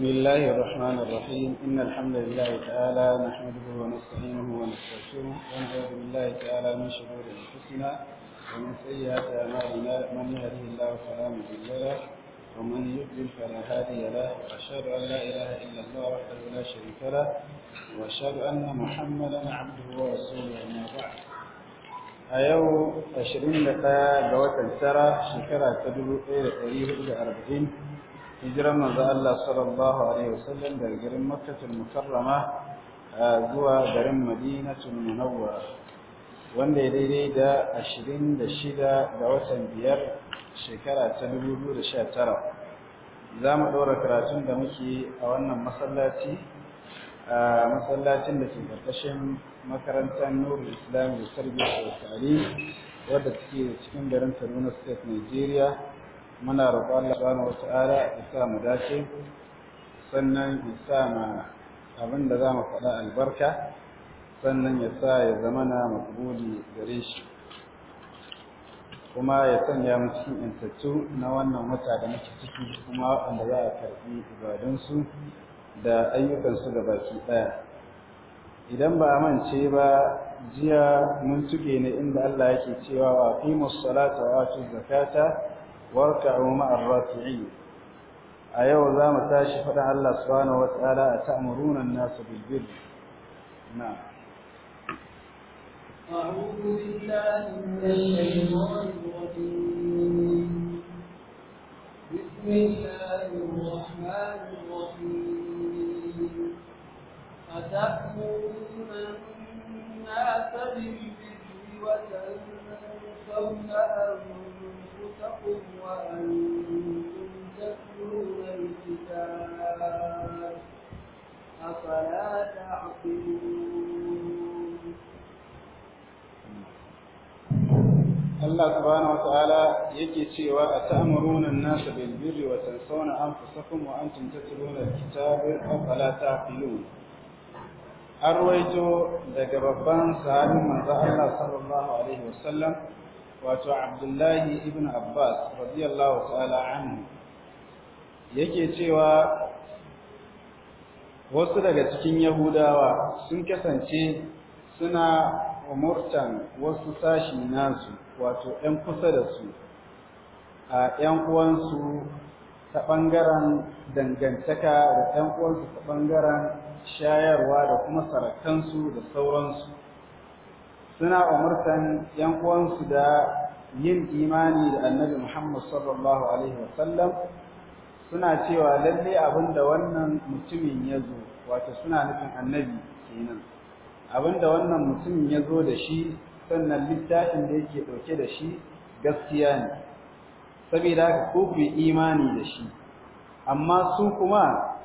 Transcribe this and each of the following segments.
بسم الله الرحمن الرحيم إن الحمد لله تعالى نحمده ونستعينه ونستغفره ونعوذ بالله تعالى من شرور أنفسنا ومن سيئات أعمالنا من يهده الله فلا مضل له ومن يضلل فلا هادي له وأشهد أن لا إله إلا الله وحده لا شريك له وأشهد أن محمدا عبده ورسوله أما بعد a yau 21 ga watan tara shekara إلى 1440 hijiran manzo Allah sallallahu alaihi wasallam daga garin Makkatul Mukarrama zuwa garin Madinatul Munawwara wanda ya daidai da 26 ga watan biyar shekara ta 2019 za mu ɗora karatun da muke a wannan masallaci a masallacin da ke ƙarƙashin makarantar nuru islami da sarbi da wadda take cikin garin kaduna state nigeria muna roƙon Allah subhanahu wata'ala ya sa mu dace sannan ya sa ma abin da za mu faɗa albarka sannan ya sa ya zama na makbuli gare shi kuma ya sanya mu cikin intattu na wannan wata da muke ciki kuma waɗanda za a karɓi ibadunsu da ayyukansu da baki ɗaya idan ba a mance ba jiya mun tuge ne inda Allah yake cewa wa musu salata wa fi zakata واركعوا مع الراكعين ايوه ذا متاش فدع الله سبحانه وتعالى أتأمرون الناس بالبر نعم أعوذ بالله من الشيطان الرجيم بسم الله الرحمن الرحيم أتأمرون الناس بالبر وتنسون أنفسكم فاتقوا وأنتم تتلون الكتاب أفلا تعقلون Allah subhanahu wataala yake cewa a ta'muruna an-nas bil birri wa tansawna anfusakum ta antum tatluna al-kitaba afala taqilun Arwayto daga babban sahabi manzo Allah sallallahu wato abdullahi ibn abbas radiyallahu ta'ala anhu yake cewa wasu daga cikin yahudawa sun kasance suna umurtan wasu sashi nasu wato 'yan kusa da su a 'yan uwansu ta ɓangaren dangantaka da 'yan uwansu ta ɓangaren shayarwa da kuma sarakansu da sauransu suna umurtan yan uwansu da yin imani da annabi Muhammad sallallahu alaihi wasallam suna cewa lalle abinda wannan mutumin ya zo wato suna nufin annabi kenan abinda wannan mutumin ya zo da shi sannan littafin da yake dauke da shi gaskiya ne saboda haka ko ku imani da shi amma su kuma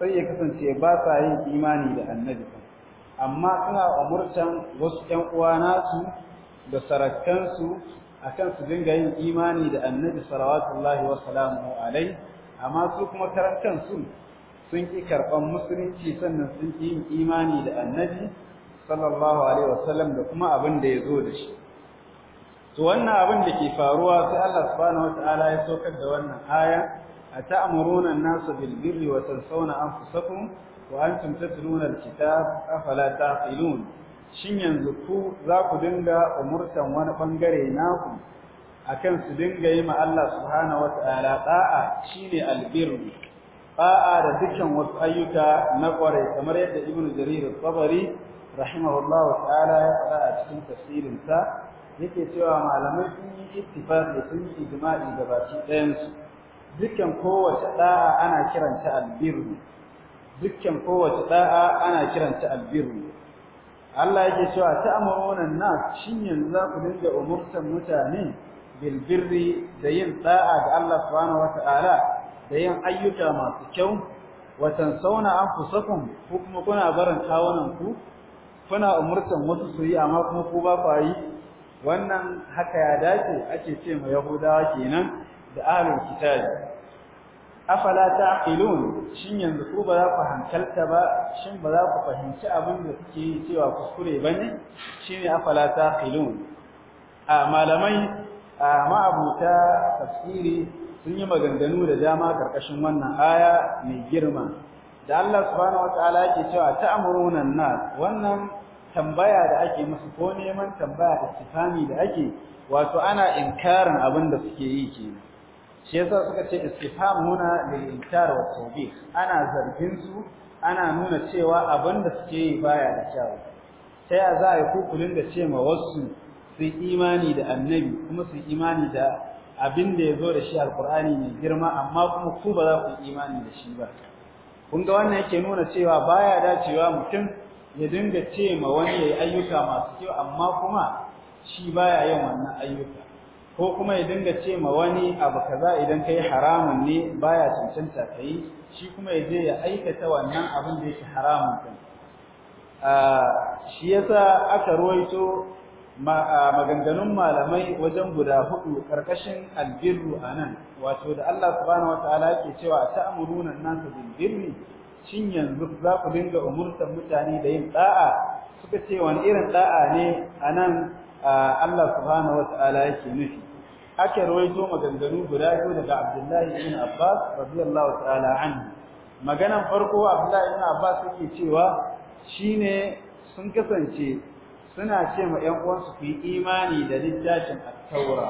sai ya kasance ba sa yin imani da annabi amma suna umurtan wasu ƴan uwa nasu da sarakansu akan su dinga yin imani da annabi sallallahu wa sallamu alai amma su kuma karantan su sun ki karban musulunci sannan sun ki yin imani da annabi sallallahu alaihi wasallam da kuma abin da yazo da shi to wannan abin da ke faruwa sai Allah subhanahu wataala ya saukar da wannan aya atamuruna an-nasa bil birri wa tansawna anfusakum wa antum tatluna alkitab afala taqilun shin yanzu ku za ku dinga umurtan wani bangare naku akan su dinga yi ma Allah subhanahu wataala da'a shine albirru Ba'a da dukkan wasu ayyuka na kware kamar yadda Ibn Jarir babari, tabari rahimahullahu ta'ala ya fada a cikin tafsirin sa yake cewa malamai sun yi ittifaqi sun yi ijma'i gabaki ɗayan dukkan kowace ɗa'a ana kiranta albirru dukkan kowace da'a ana kiranta albirru Allah yake cewa ta'amuruna nas shin yanzu za ku dinga umurtan mutane bil birri da yin da'a ga Allah subhanahu wata'ala da yin ayyuka masu kyau wa tansawna anfusakum ku kuma kuna barin kawunan ku kuna umurtan wasu su yi amma kuma ku ba ku yi wannan haka ya dace ake ce ma yahudawa kenan da ahlul kitabi afala ta'qilun shin yanzu ku ba za ku hankalta ba shin ba za ku fahimci abin da kuke yi cewa kuskure bane shine afala ta'qilun a malamai a ma'abuta tafsiri sun yi maganganu da dama karkashin wannan aya mai girma da Allah subhanahu wataala yake cewa ta'muruna an-nas wannan tambaya da ake musu ko neman tambaya da istifami da ake wato ana inkarin abin da suke yi kenan shi yasa suka ce istifham huna da inkar wa tawbih ana zargin su ana nuna cewa abinda suke yi baya da kyau ta ya za a kukulin da ce ma wasu su imani da annabi kuma su imani da abin da yazo da shi alqur'ani mai girma amma kuma ku ba za ku imani da shi ba kun ga wannan yake nuna cewa baya dacewa mutum ya dinga ce ma wani yayi ayyuka masu kyau amma kuma shi baya yin wannan ayyuka ko kuma ya dinga ce ma wani abu kaza idan kai haramun ne baya cancanta kai shi kuma ya je ya aikata wannan abin da yake haramun din shi yasa aka ruwaito maganganun malamai wajen guda hudu karkashin albirru anan wato da Allah subhanahu wataala yake cewa ta'muruna an-nasa bil birri shin yanzu za ku dinga umurtan mutane da yin da'a suka ce wani irin da'a ne anan Allah subhanahu wataala yake nufi aka rawaito maganganu guda biyu daga Abdullahi ibn Abbas radiyallahu ta'ala anhu maganan farko Abdullahi ibn Abbas yake cewa shine sun kasance suna ce ma ƴan uwansu ku yi imani da littafin at-Taura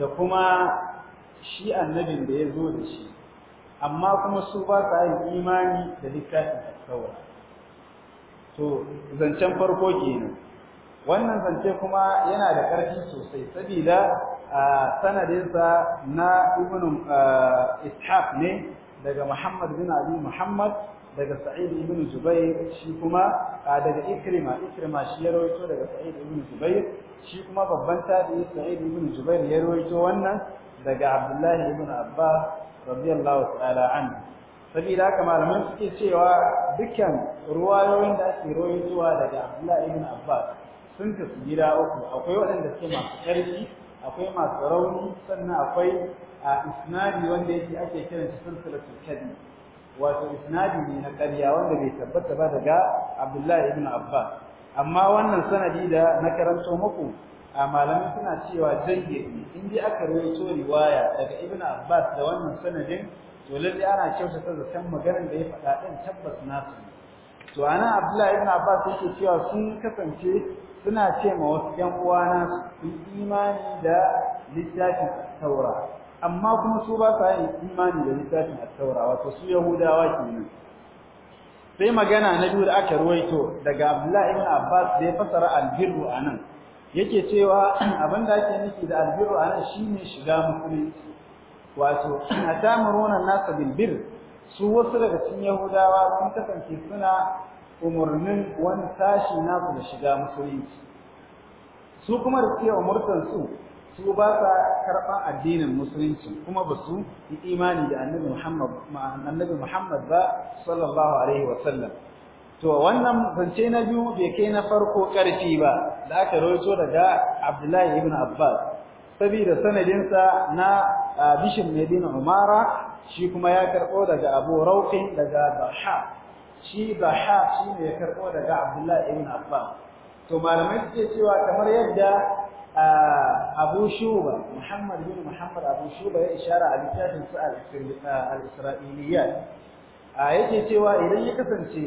da kuma shi annabin da ya zo da shi amma kuma su ba sa yin imani da littafin at-Taura to zancen farko kenan wannan zance kuma yana da ƙarfi sosai sabida. sanadinsa na ibn ishaq ne daga muhammad bin abi muhammad daga sa'id ibn zubair shi kuma daga ikrima ikrima shi ya rawaito daga sa'id ibn zubair shi kuma babban tabi'i sa'id ibn zubair ya rawaito wannan daga abdullahi ibn abbas radiyallahu ta'ala anhu Sabida haka malaman suke cewa dukkan ruwayoyin da ake rawaitowa daga abdullahi ibn abbas sun tafi gida uku akwai waɗanda suke masu ƙarfi akwai masu rauni sannan akwai a isnadi wanda yake ake kiran shi silsilatul kadhib wato isnadi ne na ƙarya wanda bai tabbata ba daga Abdullahi ibn Abbas amma wannan sanadi da na karanto muku a malamai suna cewa jayyid in dai aka rawaito riwaya daga ibn Abbas da wannan sanadin to lalle ana kyautata zaton maganar da ya faɗa din tabbas nasu ne to ana abdullahi ibn abbas yake cewa sun kasance suna ce ma wasu 'yan uwana su imani da littafin taura amma kuma su ba sa yin imani da littafin taura wato su yahudawa kenan sai magana na biyu da aka ruwaito daga abdullahi ibn abbas da ya fasara albirru anan yake cewa abin da ake nufi da albirru anan shine shiga musulunci wato atamuruna nasa bil birr su wasu daga cikin yahudawa sun kasance suna umarnin wani sashi nasu da shiga musulunci su kuma da cewa umurtar su su ba sa karɓar addinin musulunci kuma ba su yi imani da annabi Muhammad annabi Muhammad ba sallallahu alaihi wa sallam to wannan zance na biyu bai kai na farko ƙarfi ba da aka rawaito daga Abdullahi ibn Abbas saboda sanadinsa na bishin Medina Umara shi kuma ya karbo daga Abu Rawqin daga baha shi baha shi ne ya karbo daga Abdullah ibn Abbas to malamai suke cewa kamar yadda Abu Shuba Muhammad bin Muhammad Abu Shuba ya ishara a littafin su al-Isra'iliyat yake cewa idan ya kasance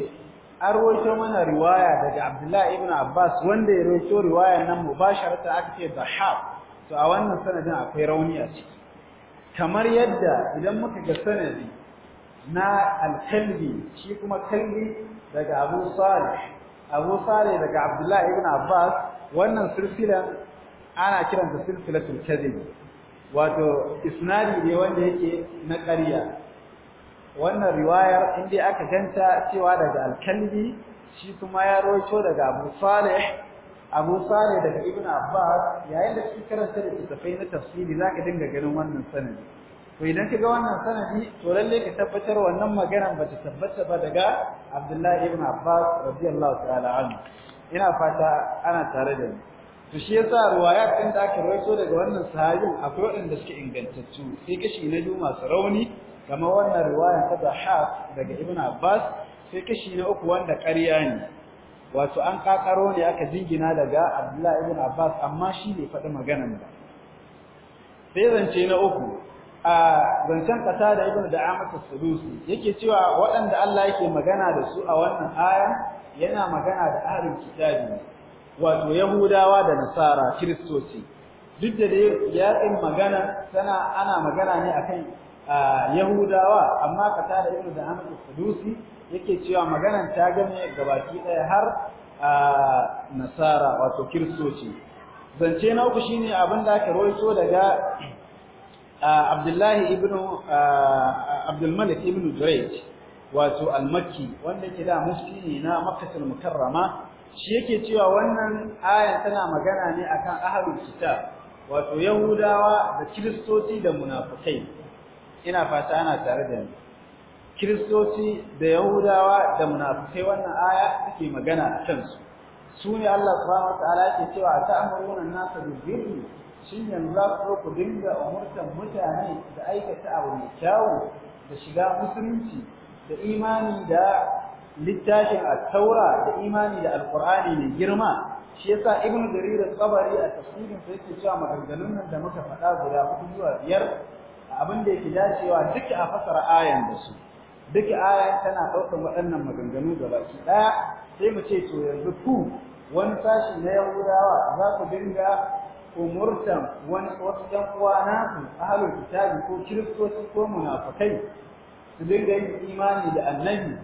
an rawaito mana riwaya daga Abdullah ibn Abbas wanda ya rawaito riwayar nan mubasharata aka ce baha to a wannan sanadin akwai rauni a ciki kamar yadda idan muka ga sanadi na al-kalbi shi kuma kalbi daga Abu Salih Abu Salih daga Abdullah ibn Abbas wannan silsilan ana kiranta silsilatul kadhib wato isnadi ne wanda yake na ƙarya wannan riwayar dai aka ganta cewa daga alkalbi shi kuma ya roito daga Abu Salih abu sare daga ibn abbas yayin da shi karanta littattafai na tafsiri zaka dinga ganin wannan sanadi to idan ka ga wannan sanadi to lalle ka tabbatar wannan maganar bata ta tabbata ba daga abdullahi ibn abbas radiyallahu ta'ala anhu ina fata ana tare da ni to shi yasa ruwaya din da aka rawaito daga wannan sahabin akwai waɗanda suke ingantattu sai kashi na biyu masu rauni kamar wannan ruwaya ta Dahab daga Ibn Abbas sai kashi na uku wanda ƙarya ne wato an kakaro ne aka jingina daga Abdullah ibn Abbas amma shi ne faɗi maganar ba sai zance na uku a zancen kasa da ibn Da'amat as-Sulusi yake cewa waɗanda Allah yake magana da su a wannan aya yana magana da ahlul kitabi wato Yahudawa da Nasara Kiristoci duk da dai yaƙin magana tana ana magana ne akan Yahudawa amma kasa da ibn Da'amat as-Sulusi yake cewa maganan ta game gabaki ɗaya har a nasara wato kiristoci zance na uku shine abin da aka rawaito daga Abdullahi ibn Abdul Malik ibn Jurayj wato al-Makki wanda yake da mufti ne na Makkatul Mukarrama shi yake cewa wannan ayan tana magana ne akan ahlul kitab wato Yahudawa da Kiristoci da munafikai ina fata ana tare da ni kiristoci da yahudawa da munafikai wannan aya take magana a kansu su ne Allah subhanahu wataala yake cewa amuru nan nasa da birri shin yanzu za ku ku dinga umurtan mutane da aikata abu mai kyau da shiga musulunci da imani da littafin at-taura da imani da alqur'ani mai girma shi yasa ibnu jarir al tabari a tafsirin sa yake cewa maganganun nan da muka faɗa guda hudu zuwa biyar abin da yake dacewa duk a fasara ayan da su duka aya tana ɗaukar waɗannan maganganu gabaki ɗaya sai mu ce to yanzu ku wani sashi na yahudawa za ku dinga umurtan wani wasu ɗan uwa nasu ahalul kitabi ko kiristoci ko munafukai su dinga yin imani da annabi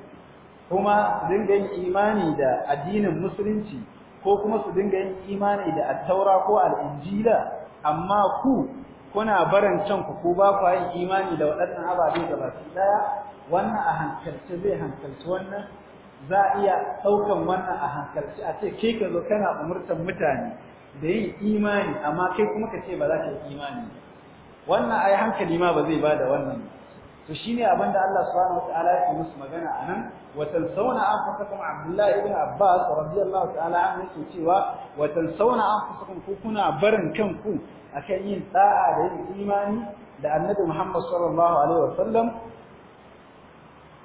kuma su dinga yin imani da addinin musulunci ko kuma su dinga yin imani da attaura ko al'injila amma ku kuna barin can ku ko ba ku yin imani da waɗannan ababe gaba daya wannan a hankalci zai hankalci wannan za a iya saukan wannan a hankalci a ce kai ka zo kana umurtan mutane da yin imani amma kai kuma ka ce ba za ka yi imani wannan ai hankali ma ba zai ba da wannan to shine abin da Allah subhanahu wataala ya musu magana anan wa tansawna anfusakum Abdullah ibn Abbas radiyallahu ta'ala anhu yake cewa wa tansawna anfusakum ku kuna barin kanku akan yin da'a da yin imani da Annabi Muhammad sallallahu alaihi wasallam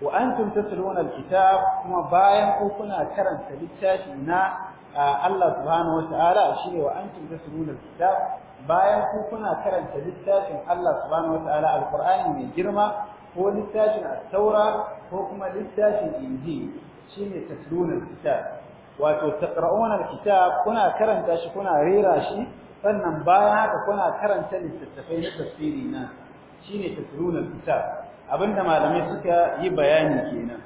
wa antum tatluna alkitab kuma bayan ku kuna karanta littafi na Allah subhanahu wataala shine wa antum tatluna alkitab bayan ku kuna karanta littafin Allah subhanahu wataala alqur'ani mai girma ko littafin at-taura ko kuma littafin injil shine tatlunul kitab wato taqra'una kitab kuna karanta shi kuna rera shi sannan bayan haka kuna karanta littattafai na tafsiri na shine tatlunul kitab abinda malamai suka yi bayani kenan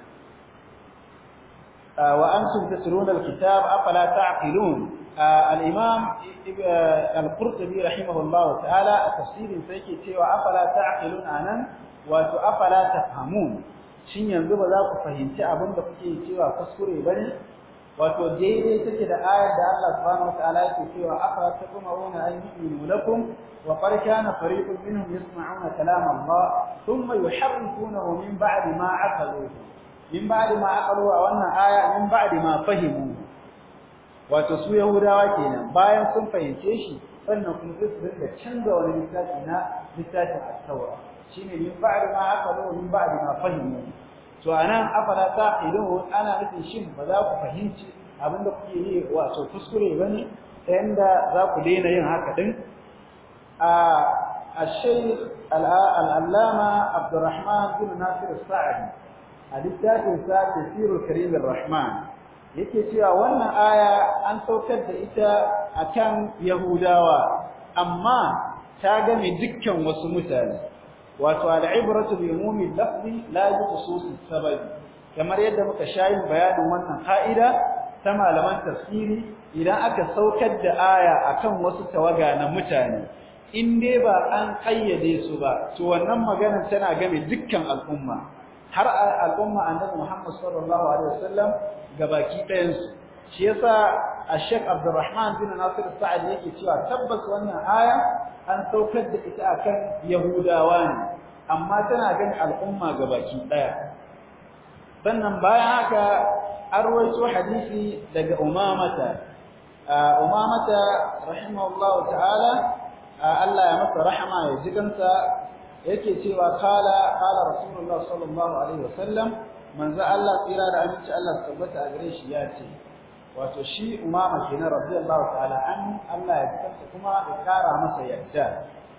ah, wa antum tatlunul kitab afala ta'qilun al-imam al-qurtubi rahimahullahu ta'ala a tafsirin sai ke cewa afala ta'qilun anan wato afala tafhamun shin yanzu ba za ku fahimci abin da kuke cewa kuskure ne? wato daidai take da ayar da Allah subhanahu wataala yake cewa afala taqumuna an yu'minu lakum wa qad kana fariqun minhum yasma'una kalam Allah thumma yuharrifunahu min ba'di ma aqaluhu min ba'di ma aqalu wannan aya min ba'di ma fahimu wato su yahudawa kenan bayan sun fahimce shi sannan kuma sai su dinga canza wani littafi na littafin at-taura shine min ba'd ma aqalu min ba'd ma fahimu to anan afala taqilu ana nufin shin ba za ku fahimci abin da kuke yi wato kuskure bane inda za ku daina yin haka din a الشيخ العلامة عبد الرحمن بن ناصر السعدي الكتاب تفسير كريم الرحمن yake cewa wannan aya an saukar da ita a kan yahudawa amma ta game dukkan wasu mutane wato al'ibratu bi umumi lafzi la bi khususi sabab kamar yadda muka shayin bayanin wannan ka'ida ta malaman tafsiri idan aka saukar da aya akan wasu tawaga na mutane in dai ba an kayyade su ba to wannan maganar tana game dukkan al'umma har al'umma annabi Muhammad sallallahu alaihi wasallam gabaki ɗayan su shi yasa Sheikh Abdulrahman bin Nasir Sa'ad yake cewa tabbas wannan aya an saukar da ita akan Yahudawa ne amma tana gani al'umma gabaki ɗaya sannan bayan haka an rawaito hadisi daga Umamata Umamata rahimahullahu ta'ala Allah ya masa rahama ya ji yake cewa kala kala rasulullah sallallahu alaihi wasallam manzo Allah tsira da aminci Allah su tabbata a gare shi ya ce wato shi umama kenan radiyallahu ta'ala an Allah ya tsarsa kuma ya kara masa yadda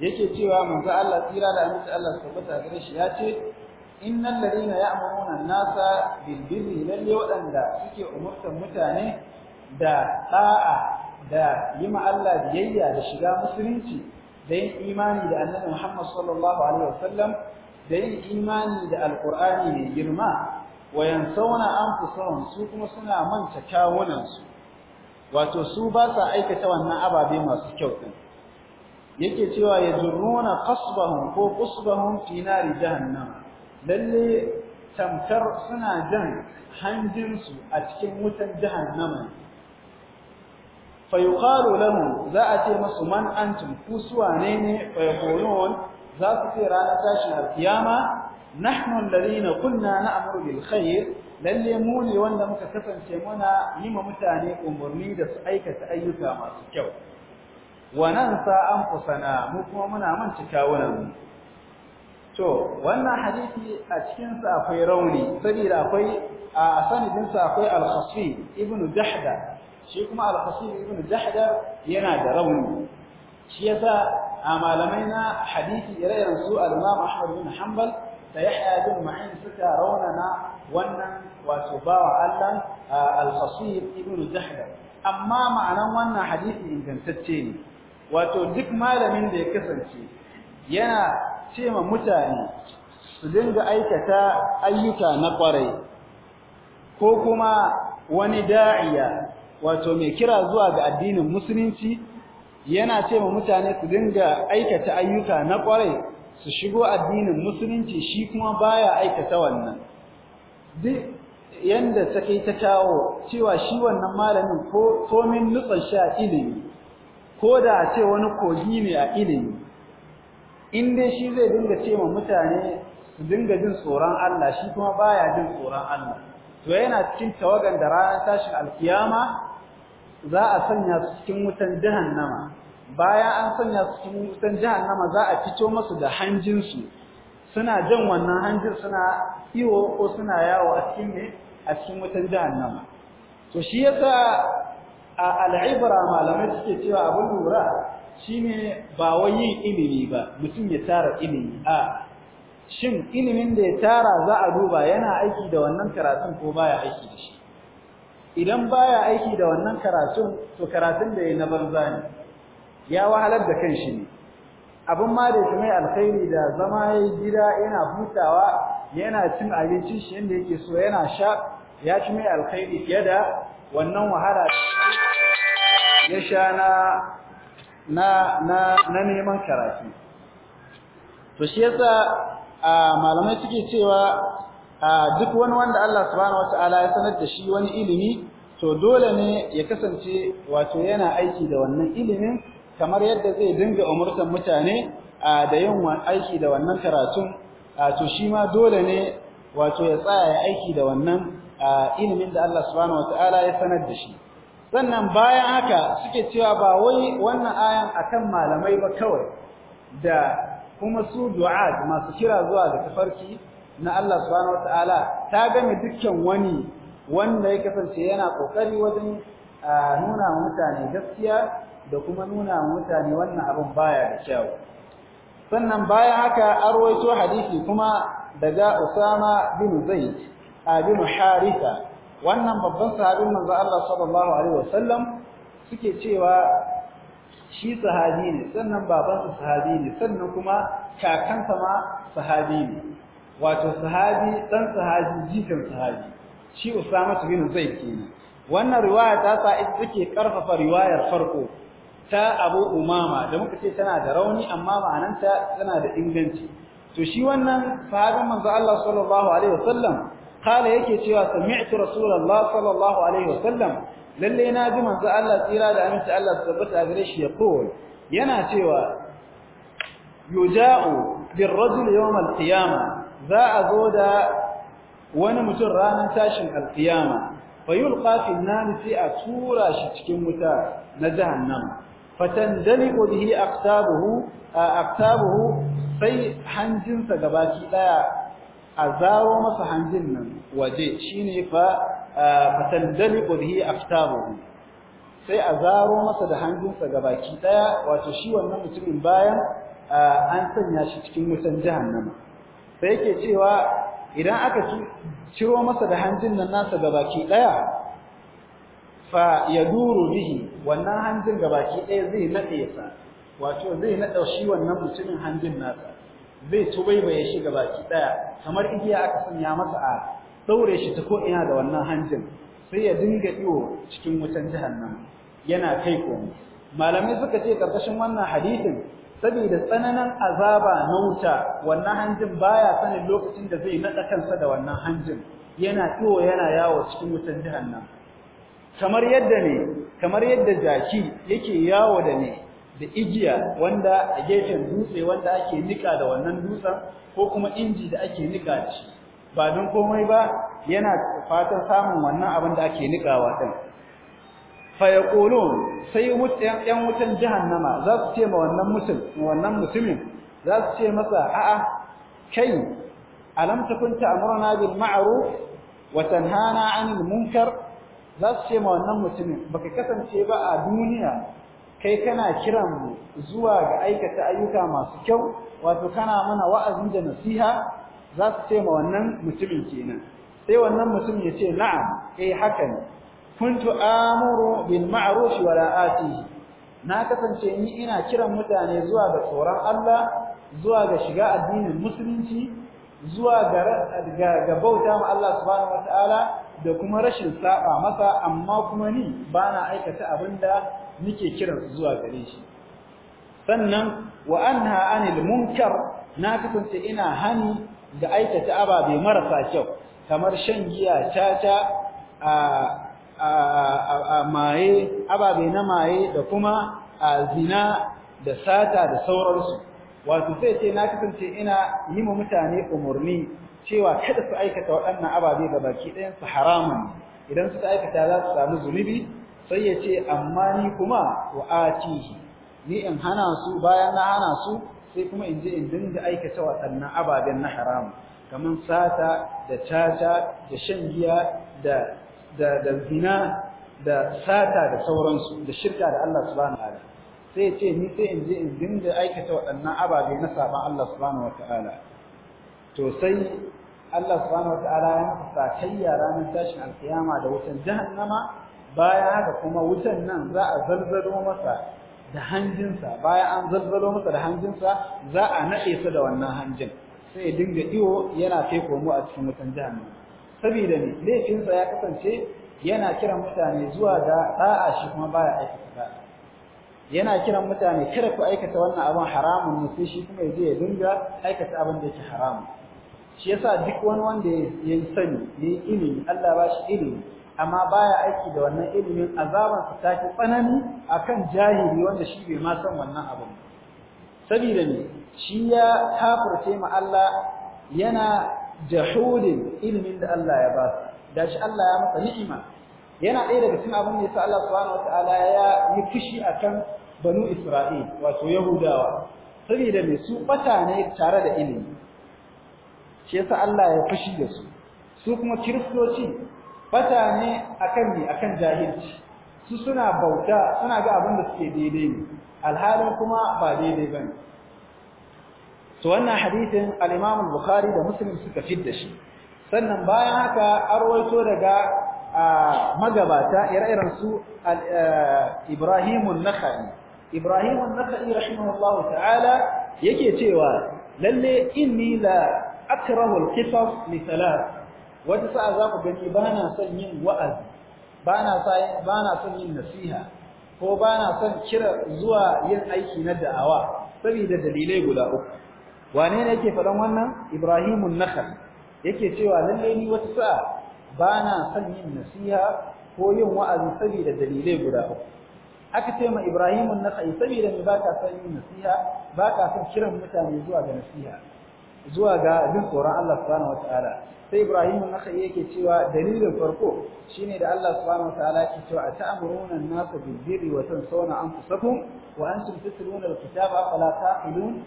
yake cewa manzo Allah tsira da aminci Allah su tabbata a gare shi ya ce innal ladina ya'muruna an-nasa bil birri lalle wadanda suke umurtan mutane da da'a da yi ma Allah biyayya da shiga musulunci da yin imani da annabi Muhammad sallallahu alaihi wasallam da yin imani da alqur'ani ne girma wayansauna anfusahum su kuma suna manta kawunan su wato su ba sa aikata wannan ababe masu kyau din yake cewa yajruna qasbahum ko qusbahum fi nari jahannam lalle tamtar suna jan hanjinsu a cikin wutan jahannama fayuqalu lahu za a ce masu man antum ku suwane ne za su ce ranar tashin alkiyama nahnu alladhina kunna na'muru bil khair lalle mu ne wanda muka kasance muna yi ma mutane umarni da su aikata ayyuka masu kyau wa nansa anfusana mu kuma muna manta kawunan mu to wannan hadisi a cikin sa akwai rauni saboda akwai a sanidin sa akwai al ibnu dahda shi kuma al-qasim ibn jahdar yana da rauni shi yasa a malamai na hadisi ire-iren su al-imam ahmad bin hanbal da yahya bin ma'in suka raunana wannan wato bawa Allah al-qasim ibn jahdar amma ma'anan wannan hadisi ingantacce ne wato duk malamin da ya kasance yana ma mutane su dinga aikata ayyuka na kwarai ko kuma wani da'iya wato mai kira zuwa ga addinin musulunci yana ce ma mutane su dinga aikata ayyuka na kwarai su shigo addinin musulunci shi kuma baya aikata wannan duk yanda ta kai ta kawo cewa shi wannan malamin ko komin nutsan shi a ilimi ko da ce wani kogi ne a ilimi in dai shi zai dinga ce ma mutane su dinga jin tsoron Allah shi kuma baya jin tsoron Allah to yana cikin tawagan da ranar tashin alkiyama za a sanya su cikin wutan jahannama bayan an sanya su cikin wutan jahannama za a fito masu da hanjinsu suna jan wannan hanjin suna iwo ko suna yawo a cikin ne a cikin wutan jahannama to shi yasa a al'ibra malamai suke cewa abin lura shine ba wai yin ilimi ba mutum ya tara ilimi a shin ilimin da ya tara za a duba yana aiki da wannan karatun ko baya aiki da shi idan baya aiki da wannan karatun to karatun da yayi na banza ne ya wahalar da kanshi ne abin ma da mai alkhairi da zama yayi gida yana hutawa yana cin abinci shi inda yake so yana sha ya ci mai alkhairi fiye da wannan wahala ya sha na na na na neman karatu to shi yasa malamai suke cewa duk wani wanda Allah subhanahu wataala ya sanar da shi wani ilimi to dole ne ya kasance wato yana aiki da wannan ilimin kamar yadda zai dinga umurtan mutane da yin aiki da wannan karatun to shi ma dole ne wato ya tsaya ya aiki da wannan ilimin da Allah subhanahu wataala ya sanar da shi sannan bayan haka suke cewa ba wai wannan ayan akan malamai ba kawai da kuma su du'a masu kira zuwa ga tafarki na Allah subhanahu wataala ta game dukkan wani wanda ya kasance yana kokari wajen nuna mutane gaskiya da kuma nuna wa mutane wannan abin baya da kyau sannan bayan haka an rawaito hadisi kuma daga Usama bin Zaid bin Haritha wannan babban sahabin manzo Allah sallallahu alaihi wasallam suke cewa shi sahabi ne sannan babansa sahabi ne sannan kuma kakansa ma sahabi ne wato sahabi dan sahabi jikan sahabi shi usama bin zaid kenan wannan riwaya ta sa ita take karfafa riwayar farko ta abu umama da muka ce tana da rauni amma ma'ananta tana da inganci to shi wannan sahabin manzo Allah sallallahu alaihi wasallam kala yake cewa sami'tu rasulullah sallallahu alaihi wasallam lalle na ji manzo Allah tsira da aminci Allah tabbata a gare shi ya kowa yana cewa yuja'u lirrajul yawm alqiyama za a zo da wani mutum ranar tashin alfiyama, fa yulqa fi an sai a tura shi cikin wuta na fatan fatandaliqu bihi aqtabuhu aqtabuhu sai hanjinsa gabaki daya a zaro masa hanjin nan waje shine fa fatan fatandaliqu bihi aqtabuhu sai a zaro masa da hanjinsa gabaki daya wato shi wannan mutumin bayan an sanya shi cikin wutan jahannama sai yake cewa idan aka ciro masa da hanjin nan nasa gabaki daya fa yaduru bihi wannan hanjin gabaki daya zai nade sa wato zai nada shi wannan mutumin hanjin nasa zai tubaibaye shi gabaki daya kamar igiya aka sanya masa a daure shi ta ko ina da wannan hanjin sai ya dinga iyo cikin wutan jahannama yana kai komai. malamai suka ce karkashin wannan hadisin saboda tsananan azaba na wuta wannan hanjin baya sanin lokacin da zai nada kansa da wannan hanjin yana tiwo yana yawo cikin wutan jahannam kamar yadda ne kamar yadda jaki yake yawo da ne da igiya wanda a gefen dutse wanda ake nika da wannan dutsen ko kuma inji da ake nika da shi ba don komai ba yana fatan samun wannan abin da ake nikawa din fayaqulun sai yan wutan jahannama za su ce ma wannan mutum za su ce masa a'a kai alam takun ta'muruna bil ma'ruf wa tanhana 'anil munkar za su ce ma wannan mutumin baka kasance ba a duniya kai kana kiran mu zuwa ga aikata ayyuka masu kyau wato kana mana wa'azi da nasiha za su ce ma wannan mutumin kenan sai wannan mutum ya ce na'am eh haka ne kuntu amuru bil ma'ruf wala ati na kasance ni ina kiran mutane zuwa ga tsoron Allah zuwa ga shiga addinin musulunci zuwa ga bauta ma Allah subhanahu wataala da kuma rashin saba masa amma kuma ni bana aikata abinda nake kiran zuwa gare shi sannan wa anha anil munkar na kasance ina hani da aikata ababe marasa kyau kamar shan giya caca a maye ababe na maye da kuma a zina da sata da sauransu wato sai ce na kasance ina yi ma mutane umarni cewa kada su aikata waɗannan ababe ga baki ɗayan su haramun idan su aikata za su samu zunubi sai ya ce amma ni kuma wa atihi ni in hana su bayan na hana su sai kuma in je in dinga aikata waɗannan ababen na haramun kamar sata da caca da shan giya da da da zina da sata da sauransu da shirka da Allah subhanahu sai ya ce ni sai in je in dinga aikata waɗannan ababe na saban Allah subhanahu wataala to sai Allah subhanahu wataala ya masa sakayya ranar tashin alkiyama da wutan jahannama baya haka kuma wutan nan za a zalzalo masa da hanjinsa bayan an zalzalo masa da hanjinsa za a naɗe sa da wannan hanjin sai ya dinga iwo yana kai komo a cikin wutan jahannama saboda ne laifinsa ya kasance yana kiran mutane zuwa da da'a shi kuma baya aikata ba yana kiran mutane kada ku aikata wannan abin haramun ne sai shi kuma yaje ya dinga aikata abin da yake haramu. shi yasa duk wani wanda ya sani ne ilimi Allah ba shi ilimi amma baya aiki da wannan ilimin azaban sa ta fi tsanani akan jahili wanda shi bai ma san wannan abin saboda ne shi ya kafirce ma Allah yana jahudin ilimin da Allah ya ba su da shi Allah ya masa ni'ima yana ɗaya daga cikin abin da yasa Allah subhanahu wataala ya yi fushi akan banu Isra'il wato Yahudawa saboda me su bata ne tare da ilimi shi yasa Allah ya fushi da su su kuma kiristoci bata ne akan ne akan jahilci su suna bauta suna ga abin da suke daidai ne alhalin kuma ba daidai bane to wannan hadisin al-Imam al-Bukhari da Muslim suka fidda shi sannan bayan haka arwaito daga magabata ire-iren su Ibrahim an-Nakhai Ibrahim an-Nakhai rahimahullahu ta'ala yake cewa lalle inni la akrahu al-qisas li thalath wata sa'a za ku gani bana son yin wa'azi bana sa bana son yin nasiha ko bana son kira zuwa yin aiki na da'awa saboda dalilai guda uku wane ne yake faɗan wannan ibrahimun nakhal yake cewa lalle ni wata sa'a bana son yin nasiha ko yin wa'azi saboda dalilai guda uku aka ce ma ibrahimun nakhal saboda me baka son yin nasiha baka son kiran mutane zuwa ga nasiha zuwa ga jin tsoron Allah subhanahu wataala sai ibrahimun nakhal yake cewa dalilin farko shine da Allah subhanahu wataala yake cewa ata'muruna an-nasa bil-birri wa tansawna anfusakum wa antum tatluna al-kitaba afala taqilun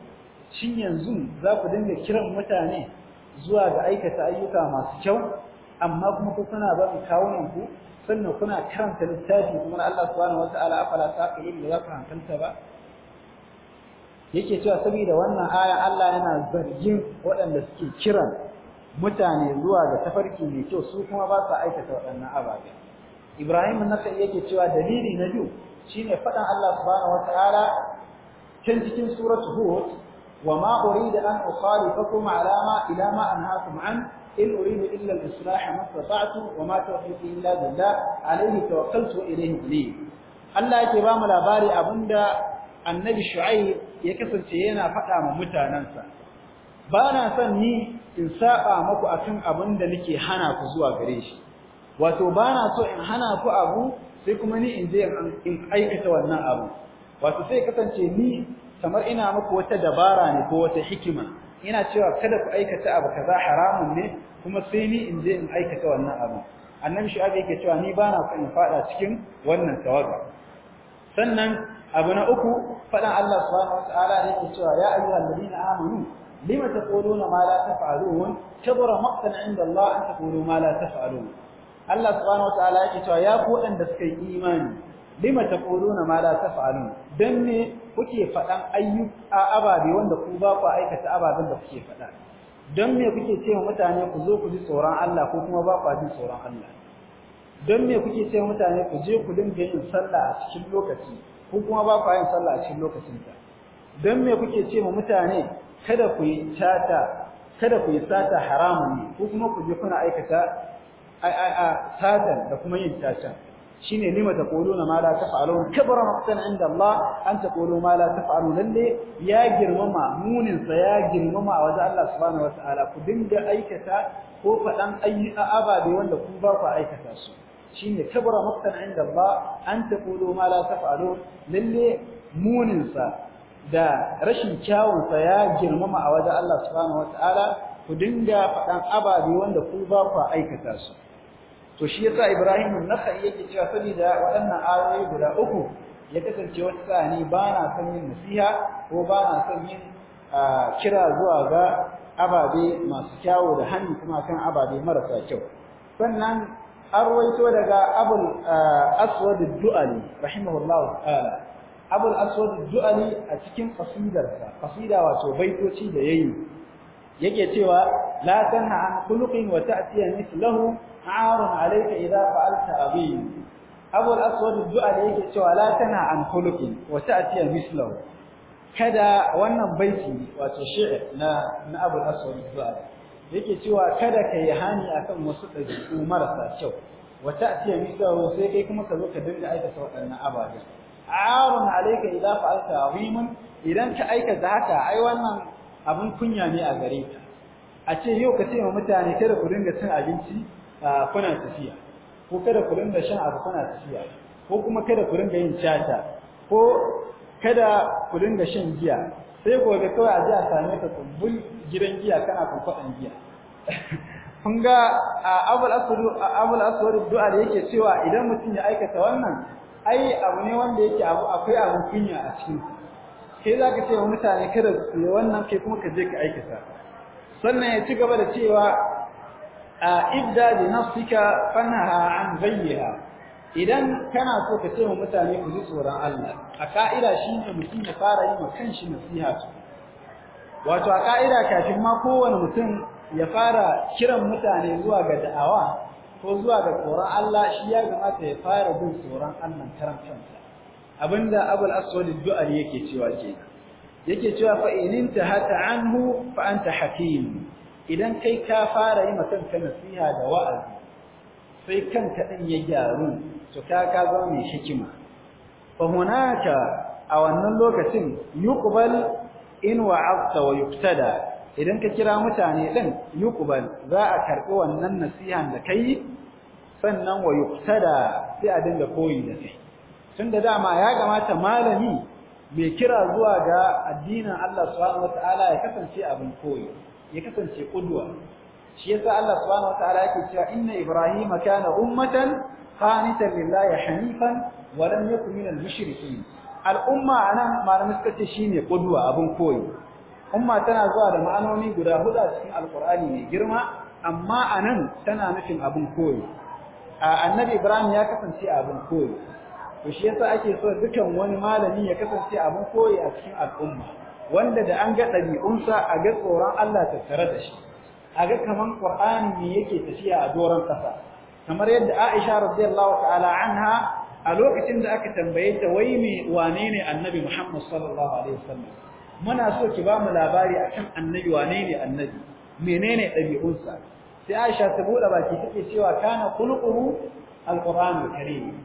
shin yanzu za ku dinga kiran mutane zuwa ga aikata ayyuka masu kyau amma kuma ku kuna barin kawunan ku sannan kuna karanta littafi kuma Allah subhanahu wataala afala taqilun da za hankalta ba yake cewa saboda wannan aya Allah yana zargin waɗanda suke kiran mutane zuwa ga tafarki mai kyau su kuma ba su aikata waɗannan ababe Ibrahim nakan yake cewa dalili na biyu shine faɗan Allah subhanahu wataala can cikin suratu Hud وما أريد أن أخالفكم على ما إلى ما أنهاكم عنه إن أريد إلا الإصلاح ما استطعت وما توفيقي إلا بالله عليه توكلت وإليه أنيب Allah ke ba mu labari abinda Annabi Shu'aib ya kasance yana faɗa ma mutanansa ba na son ni in saba muku akan da nake hana ku zuwa gare shi wato ba na so in hana ku abu sai kuma ni in je in aikata wannan abu wato sai kasance ni kamar ina muku wata dabara ne ko wata hikima ina cewa kada ku aikata abu kaza haramun ne kuma sai ni in je in aikata wannan abu annabi shu'aib yake cewa ni bana so in fada cikin wannan tawaga sannan abu na uku fadan Allah subhanahu wataala da yake cewa ya ayyuhalladhina amanu lima taquluna ma la taf'alun kabura maqtan 'inda Allah an taqulu ma la taf'alun Allah subhanahu wataala yake cewa ya ku wadanda suka yi imani lima taquluna ma la taf'alun dan ne kuke faɗan ayyuka ababe wanda ku ba ku aikata ababen da kuke faɗa don me kuke ce wa mutane ku zo ku ji tsoron Allah ko kuma ba ku ji tsoron Allah don me kuke ce wa mutane ku je ku dinga yin sallah a cikin lokaci ko kuma ba ku yin sallah a cikin lokacin ta don me kuke ce wa mutane kada ku yi tata kada ku yi sata haramun ne ko kuma ku je kuna aikata a satan da kuma yin tata shine lima taquluna ma la taf'alun kabra maqtan inda Allah an taqulu ma la taf'alun lalle ya girmama munin sa ya girmama a wajen Allah subhanahu wataala ku dinga aikata ko fadan ayyuka ababe wanda ku ba ku aikata su shine kabra maqtan inda Allah an taqulu ma la taf'alun lalle munin sa da rashin kyawun sa ya girmama a wajen Allah subhanahu wataala ku dinga fadan ababe wanda ku ba ku aikata su to shi yasa Ibrahim an-Nakhai yake cewa saboda waɗannan ayoyi guda uku ya kasance wata sani ba na son yin nasiha ko ba na son yin kira zuwa ga ababe masu kyawu da hannu kuma kan ababe marasa kyau sannan arwaito daga abul aswad ad-du'ali rahimahullahu ta'ala abul aswad ad-du'ali a cikin qasidarsa qasida wato baitoci da yayi yake cewa la tanha an khuluqin wa ta'tiya mithluhu arun alayka idza fa'alta abin abu al-aswad du'a da yake cewa la tana an khuluqin wa ta'ti mislahu kada wannan baiti wato shi'r na na abu al-aswad du'a yake cewa kada kai hani akan wasu dabi'u marasa kyau wa ta'ti mislahu sai kai kuma ka zo ka dinga aikata waɗannan ababe arun alayka idza fa'alta aziman idan ka aikata haka ai wannan abun kunya ne a gare ka a ce yau ka ce wa mutane kada ku dinga cin abinci kuna tafiya ko kada ku rinda shan abu kuna tafiya ko kuma kada ku rinda yin chata ko kada ku rinda shan giya sai gobe kawai a ji a same ka kumbul gidan giya kana kwakwaɗan giya kun ga abul aswad du'a da yake cewa idan mutum ya aikata wannan ai abu ne wanda yake abu akwai abu kunya a cikin sai zaka ce wa mutane kada su yi wannan kai kuma ka je ka aikata sannan ya ci gaba da cewa ibda bi nafsika fanaha an bayyiha idan kana so ka ce mutane ku ji tsoron Allah a ka'ida shine mutum ya fara yi ma shi nasiha wato a ka'ida kafin ma kowane mutum ya fara kiran mutane zuwa ga da'awa ko zuwa ga tsoron Allah shi ya kamata ya fara bin tsoron Allah karan kansa abinda Abul Aswad du'a yake cewa ke yake cewa fa in intahata anhu fa anta hakim idan kai ka fara yi kanka nasiha da wa'azi sai kanka din ya gyaru to ka ka zama mai hikima fa hunaka a wannan lokacin yuqbal in wa'azta wa idan ka kira mutane din yuqbal za a karbi wannan nasihan da kai sannan wa yuftada sai a dinga koyi da kai tunda dama ya kamata malami mai kira zuwa ga addinin Allah subhanahu wataala ya kasance abin koyi ya kasance kudwa shi yasa Allah subhanahu wataala yake cewa inna ibrahima kana ummatan qanitan lillahi hanifan wa lam yakun minal mushrikeen al'umma anan malamin suka ce shine kudwa abin koyi umma tana zuwa da ma'anoni guda hudu a cikin alqur'ani mai girma amma anan tana nufin abin koyi annabi ibrahim ya kasance abin koyi to shi yasa ake so dukan wani malami ya kasance abin koyi a cikin al'umma wanda da an ga ɗabi'unsa a ga tsoron Allah tare da shi a ga kaman Qur'ani ne yake tafiya a doron ƙasa kamar yadda Aisha radiyallahu ta'ala anha a lokacin da aka tambaye ta wai me wane ne Annabi Muhammad sallallahu alaihi wasallam muna so ki ba mu labari akan Annabi wane ne Annabi menene ɗabi'unsa sai Aisha ta buɗe baki take cewa kana khuluquhu alqur'anul karim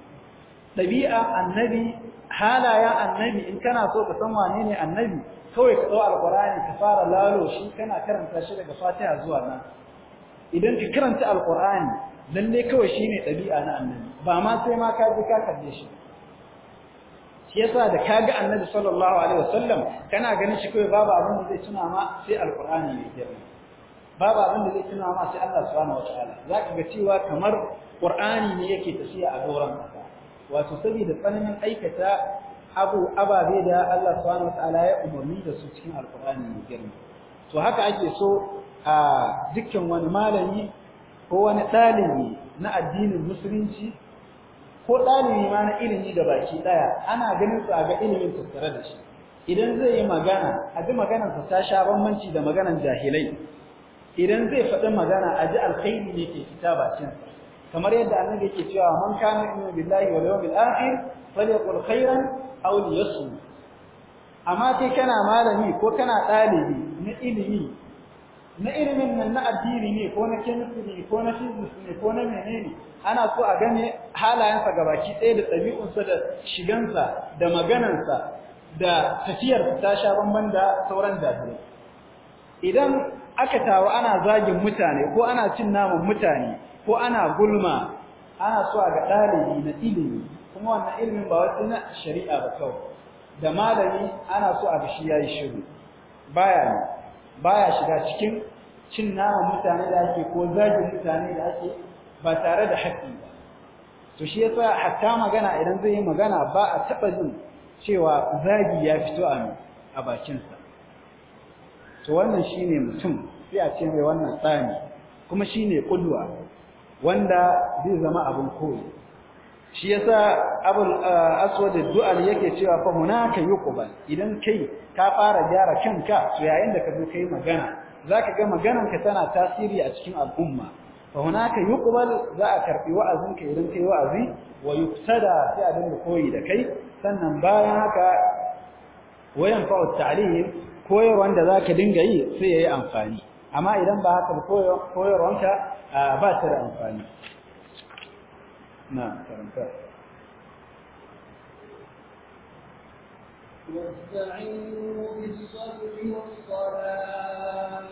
ɗabi'a annabi halaya annabi in kana so ka san wane ne annabi kawai ka ɗau alƙur'ani ka fara lalo shi kana karanta shi daga fatiha zuwa nan idan ka karanta alƙur'ani lalle kawai shi ne ɗabi'a na annabi ba ma sai ma ka ji ka kalle shi shi yasa da ka ga annabi sallallahu alaihi wasallam kana ganin shi kawai babu abin da zai tuna ma sai alƙur'ani ne girma babu abin da zai tuna ma sai Allah subhanahu wataala zaka ga cewa kamar ƙur'ani ne yake tafiya a doron wato saboda tsananin aikata abu ababe da Allah subhanahu wataala ya umarni da su cikin alkur'ani mai girma to haka ake so a dukkan wani malami ko wani ɗalibi na addinin musulunci ko ɗalibi ma na ilimi da baki ɗaya ana ganin su a ga ilimin tattare da shi idan zai yi magana a ji maganarsa ta sha bambanci da maganar jahilai idan zai faɗi magana a ji alkhairi ne ke fita bakinsa kamar yadda annabi yake cewa man kana inna billahi wal yawmil akhir falyaqul khairan aw liyasum amma kai kana malami ko kana dalibi na ilimi na ilimin nan na addini ne ko na chemistry ko na physics ne ko na menene ana so a gane halayensa gabaki ɗaya da ɗabi'unsa da shigansa da maganansa da tafiyar ta sha bamban da sauran jahilai idan aka tawo ana zagin mutane ko ana cin naman mutane ko ana gulma ana so ga ɗalibi na ilimi kuma wannan ilimin ba wasu na shari'a ba kawai da malami ana so a ga shi ya yi shiru baya ne baya shiga cikin cin naman mutane da ake ko zagin mutane da ake ba tare da haƙƙi ba to shi yasa hatta magana idan zai yi magana ba a taɓa jin cewa zagi ya fito a a bakinsa to wannan shine mutum sai a ce mai wannan tsami kuma shine ƙudwa wanda zai zama abin koyi shi yasa abul eh, aswad yake cewa fa hunaka yuqbal idan kai ka fara gyara kanka to yayin da ka zo kai magana zaka ga maganarka tana tasiri a cikin al'umma fa hunaka yuqbal za a karbi wa'azinka idan kai wa'azi wa yuktada sai a dinga koyi da kai sannan bayan haka wayan fa'u ta'lim koyarwan da zaka dinga yi sai yayi amfani amma idan ba haka koyarwanka a ba ta da amfani na karanta واستعينوا بالصبر والصلاة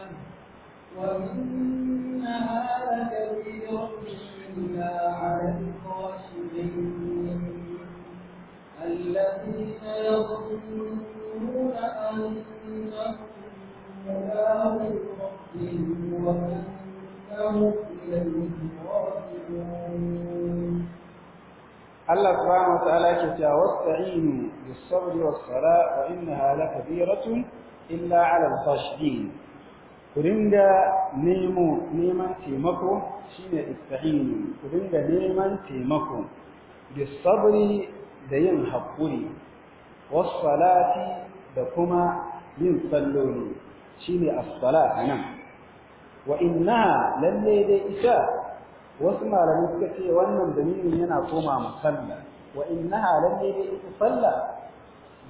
على الخاشعين الذين يظنون أنهم ملاقو ربهم وأنهم Allah subhanahu wa ta'ala ke cewa wasta'inu bis-sabri was-salah wa innaha lakabiratun illa 'alal khashiyin ku dinga nemo neman taimako shine ista'inu ku dinga neman taimako bis-sabri da yin hakuri was-salati da kuma yin salloli shine as-salat nan wa inna lalle dai ita wasu malamai suka ce wannan dalilin yana koma sallah wa innaha lalle dai ita sallah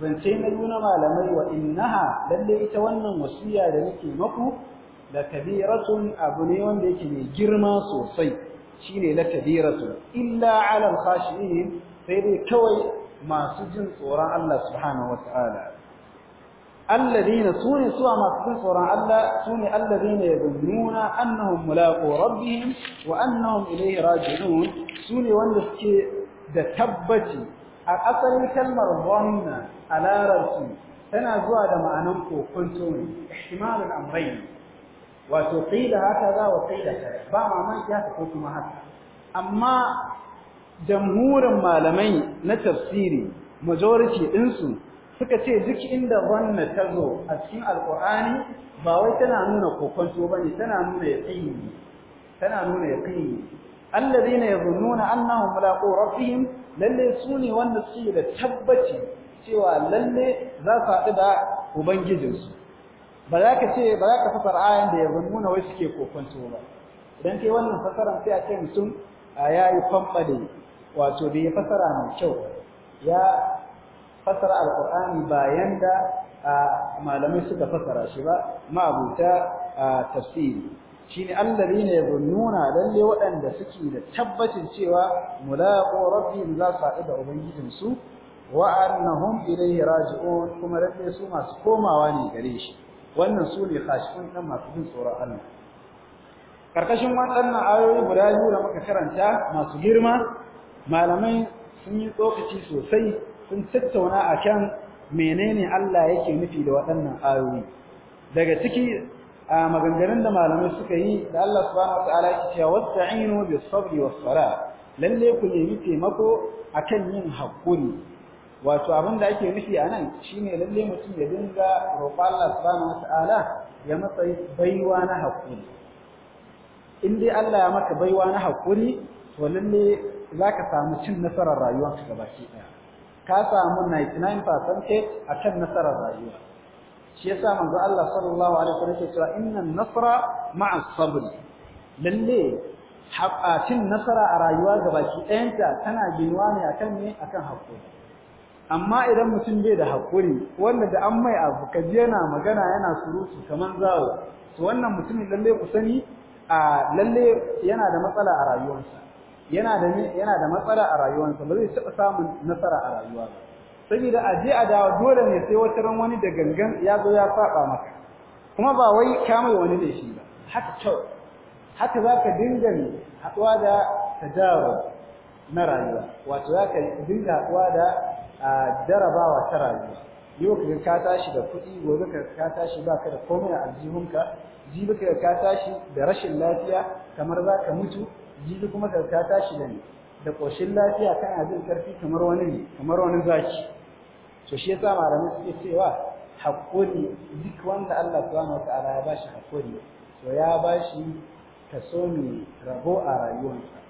zance na nuna malamai wa innaha lalle ita wannan wasiya da nake maku la kabiratun abu ne wanda yake mai girma sosai shine la kabiratun illa ala al-khashiyin sai dai kawai masu jin tsoron Allah subhanahu alladhina sune suwa masu jin tsoron Allah sune alladhina yazunnuna annahum mulaqu rabbihim wa annahum ilayhi raji'un sune wanda suke da tabbaci a asalin kalmar dhanna a larabci tana zuwa da ma'anan kokonto ne ihtimalul amrayn wato haka za wa qila ba ya haka ko kuma haka amma jamhurin malamai na tafsiri majority din su. suka ce duk inda wanna ta zo a cikin alkur'ani ba wai tana nuna kokonto bane tana nuna yaqini tana nuna yaqini alladhina yadhunnuna annahum mulaqu rabbihim lalle sune wanda suke da tabbaci cewa lalle za su haɗu da ubangijinsu ba za ka ce ba za ka fasara ayan da yadhunnuna wai suke kokonto ba idan kai wannan fasaran sai a ce mutum a yayi kwambale wato bai fasara mai kyau ya fasara Alƙur'ani bayan da malamai suka fasara shi ba ma'abuta tafsiri shine alladhina yazunnuna lalle waɗanda suke da tabbacin cewa mulaqu rabbihim za su haɗu da ubangijinsu wa annahum ilayhi raji'un kuma lalle su masu komawa ne gare shi wannan su ne khashifun dan masu jin tsoron Allah karkashin waɗannan ayoyi guda biyu da muka karanta masu girma malamai sun yi tsokaci sosai sun tattauna a akan menene Allah yake nufi da waɗannan ayoyi daga ciki a maganganun da malamai suka yi da Allah subhanahu wataala yake cewa wasta'inu bis-sabri was-salah lalle ku nemi taimako akan yin hakuri wato abin da ake nufi anan shine lalle mutum ya dinga roƙon Allah subhanahu wataala ya masa baiwa na hakuri in dai Allah ya maka baiwa na hakuri to lalle zaka samu cin nasarar rayuwarka gabaki ɗaya ka samu 99% akan nasarar rayuwa shi yasa manzo Allah sallallahu alaihi wasallam yake cewa innan nasra ma'a sabr lalle haƙatin nasara a rayuwa gabaki ɗayanta tana ginuwa ne akan ne akan hakuri amma idan mutum bai da hakuri wanda da an mai abu kaji yana magana yana surutu kamar zawo to wannan mutumin lalle ku sani a lalle yana da matsala a rayuwarsa yana da yana da matsala a rayuwarsa ba zai taɓa samun nasara a rayuwa ba saboda a je a dawo dole ne sai wata ran wani da gangan ya zo ya faɗa maka kuma ba wai ka mai wani da shi ba haka kyau haka za ka dinga haɗuwa da tajaro na rayuwa wato za ka dinga haɗuwa da jarabawa ta rayuwa yau kaga ka tashi da kuɗi gobe ka ka tashi ba ka da komai a aljihunka jibi ka ka tashi da rashin lafiya kamar za ka mutu jiji kuma ka shi tashi da da koshin lafiya kana jin karfi kamar wani ne kamar wani zaki to shi yasa malamai suke cewa hakuri duk wanda Allah subhanahu wataala ya bashi hakuri to ya bashi kaso mai rabo a rayuwarsa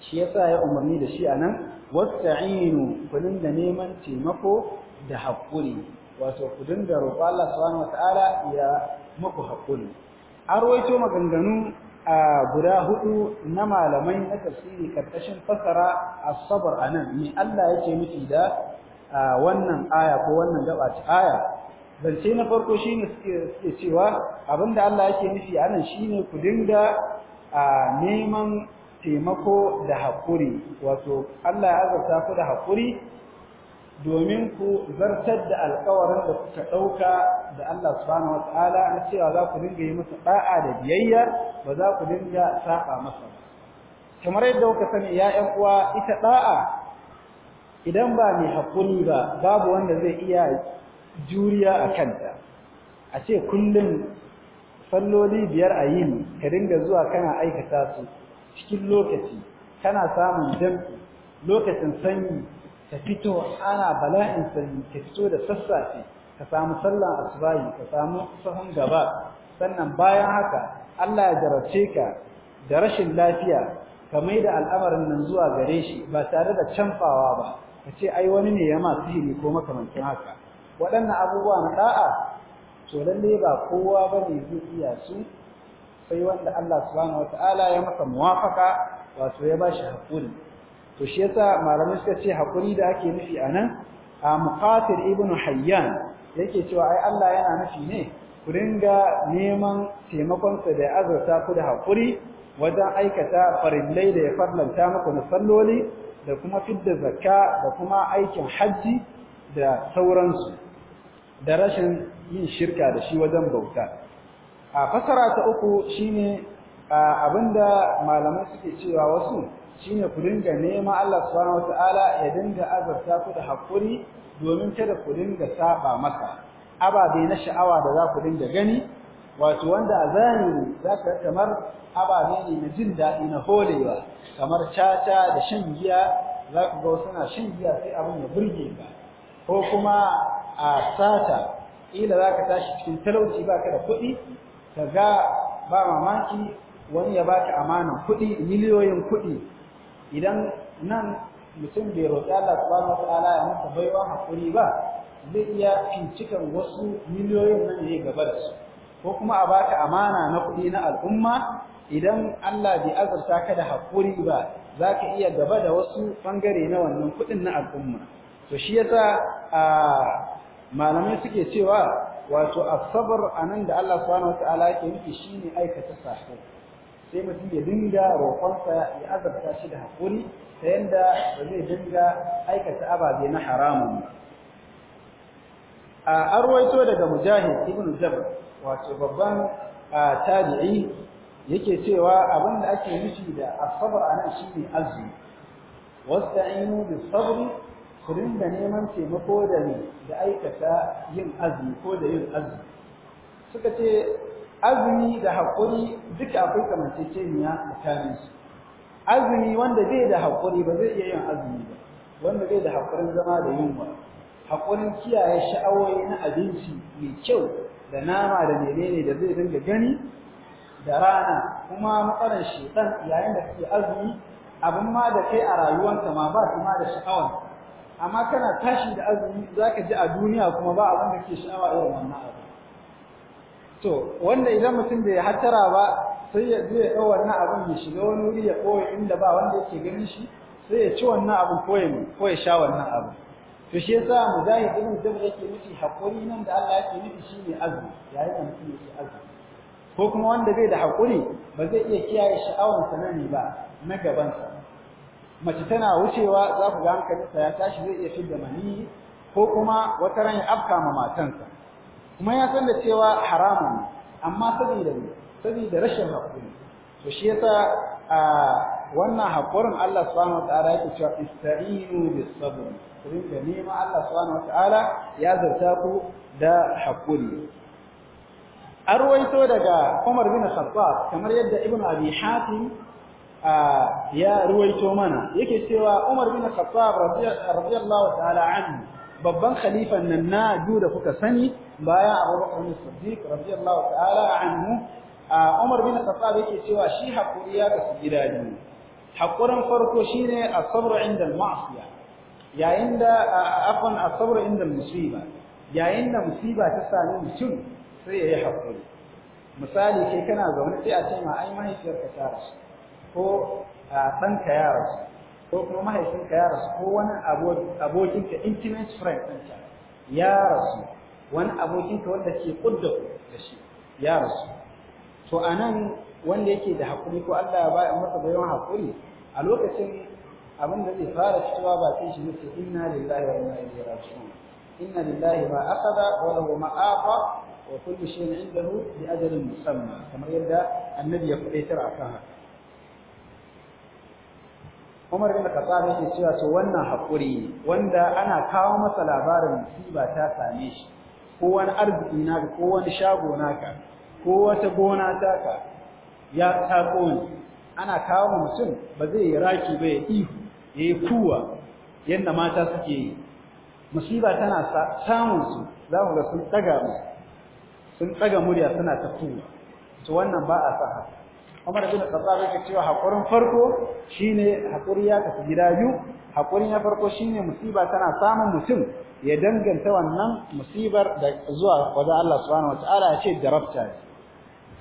shi yasa ya umarni da shi anan wasta'inu ku dinga neman taimako da hakuri wato ku dinga roƙo Allah subhanahu wataala ya muku hakuri an rawaito maganganu a guda hudu na malamai na tafsiri karkashin fasara sabar a nan me Allah yake nufi da wannan aya ko wannan gaba ta aya zance na farko shi ne suke cewa abinda Allah yake nufi anan ne ku dinga neman taimako da haƙuri, wato Allah ya azarta ku da haƙuri. domin ku zartar da alƙawarin da kuka ɗauka da Allah subhanahu ta'ala na cewa za ku dinga yi masa ɗa'a da biyayya ba za ku dinga saɓa masa kamar yadda kuka sani ya ƴan uwa ita ɗa'a idan ba mai haƙuri ba babu wanda zai iya juriya a kanta a ce kullum salloli biyar a yini ka dinga zuwa kana aikata su cikin lokaci kana samun jam'i lokacin sanyi ta fito ana bala'in sanyi ta fito da sassafe ka samu sallan asubahi ka samu sahun gaba sannan bayan haka Allah ya jarabce ka da rashin lafiya ka mai da al'amarin nan zuwa gare shi ba tare da canfawa ba ka ce ai wani ne ya ma sihiri ko makamancin haka waɗannan abubuwa na da'a to lalle ba kowa ba ne zai iya su sai wanda Allah subhanahu wataala ya masa muwafaka wato ya ba shi haƙuri. to shi yasa malamai suka ce hakuri da ake nufi anan a muqatir ibnu hayyan yake cewa ai Allah yana nufi ne ku dinga neman taimakon sa da azurta ku da hakuri wajen aikata farillai da ya farlanta muku na salloli da kuma fidda zakka da kuma aikin hajji da sauransu da rashin yin shirka da shi wajen bauta a fasara ta uku shine abinda malamai suke cewa wasu shine ku dinga nema Allah subhanahu wataala ya dinga azurta ku da hakuri domin kada ku dinga saba masa ababe na sha'awa da za ku dinga gani wato wanda a zahiri za ka kamar ababe ne na jin daɗi na holewa kamar caca da shan giya za ku ga suna shan giya sai abin ya burge ka ko kuma a sata ila za ka tashi cikin talauci baka da kuɗi ka ga ba mamaki wani ya baka amana kuɗi miliyoyin kuɗi idan nan mutum bai roƙi Allah subhanahu wataala ya masa baiwa hakuri ba zai iya fincikan wasu miliyoyin nan ne gaba da su ko kuma a baka amana na kuɗi na al'umma idan Allah bai azurta ka da hakuri ba zaka iya gaba da wasu bangare na wannan kuɗin na al'umma to shi yasa a malamai suke cewa wato asabar anan da Allah subhanahu wataala yake nufi shine aikata sahih sai mutum ya dinga roƙonsa ya azabta shi da haƙuri ta yadda ba zai dinga aikata ababe na haramun ba a arwaito daga mujahid ibn jabr wato babban tabi'i yake cewa abin da ake nufi da asabar a nan shine azumi wasta'inu bis sabri ku dinga neman taimako da ne da aikata yin azumi ko da yin azumi suka ce azumi da haƙuri duk akwai kamanceceniya tsakanin su azumi wanda bai da haƙuri ba zai iya yin azumi ba wanda bai da haƙurin zama da yunwa haƙurin kiyaye sha'awoyi na abinci mai kyau da nama da menene da zai dinga gani da rana kuma matsalar shekan yayin da kake azumi abin ma da kai a rayuwanka ma ba su ma da sha'awar amma kana tashi da azumi za ka ji a duniya kuma ba abin da ke sha'awa irin wannan abu to wanda idan mutum bai hattara ba sai ya je ya wannan abin ya shiga wani wuri ya koya inda ba wanda yake gani shi sai ya ci wannan abin ko ya ko ya sha wannan abin to shi yasa mujahid ibn da yake nufi hakuri nan da Allah yake nufi ne azumi yayin da mutum yake azumi ko kuma wanda bai da hakuri ba zai iya kiyaye sha'awar sa nan ba na gaban mace tana wucewa za ku ga hankalinsa ya tashi zai iya fidda mani ko kuma wata ran ya afka ma matansa kuma ya san da cewa haramun amma saboda saboda rashin hakuri to shi yasa a wannan hakurin Allah subhanahu wataala yake cewa ista'inu bis sabr ku rinka nema Allah subhanahu wataala ya zarta ku da hakuri an ruwaito daga Umar bin Khattab kamar yadda Ibn Abi Hatim ya ruwaito mana yake cewa Umar bin Khattab radiyallahu ta'ala anhu babban khalifan nan na biyu da kuka sani bayan abubakar bin siddiq radiyallahu ta'ala anhu umar bin khattab yake cewa shi hakuri ya kasu gida biyu hakurin farko shine as-sabr inda al-ma'siya yayin da afwan as-sabr inda al-musiba yayin da musiba ta sami mutum sai yayi hakuri misali kai kana zaune sai a ce ma ai mahaifiyarka ta rasu ko ɗanka ya rasu ko kuma mahaifinka ya rasu ko wani abokinka intimate friend ɗinka ya rasu wani abokinka wanda ke kudda da shi ya rasu to a nan wanda yake da haƙuri ko Allah ya baya masa bayan haƙuri a lokacin abin da zai fara fitowa ba sai shi nufi inna lillahi wa inna ilaihi raji'un inna lillahi ma akhadha wa lahu ma aqa wa kullu shay'in indahu bi ajalin musamma kamar yadda annabi ya faɗaitar akan haka Umar bin Khattab yake cewa to wannan hakuri wanda ana kawo masa labarin musiba ta same shi ko wani arziki na ko wani shago naka ko wata gona ka ya tako ne ana kawo mutum ba zai yi raki ba ya ihu ya yi kuwa yadda mata suke yi musiba tana samun su za mu ga sun tsaga mu sun tsaga murya suna ta kuwa to wannan ba a sa Umar bin Khattab yake cewa hakurin farko shine hakuri ya tafi gida biyu hakuri na farko shine musiba tana samun mutum ya danganta wannan musibar da zuwa wajen Allah subhanahu wataala ya ce jarabta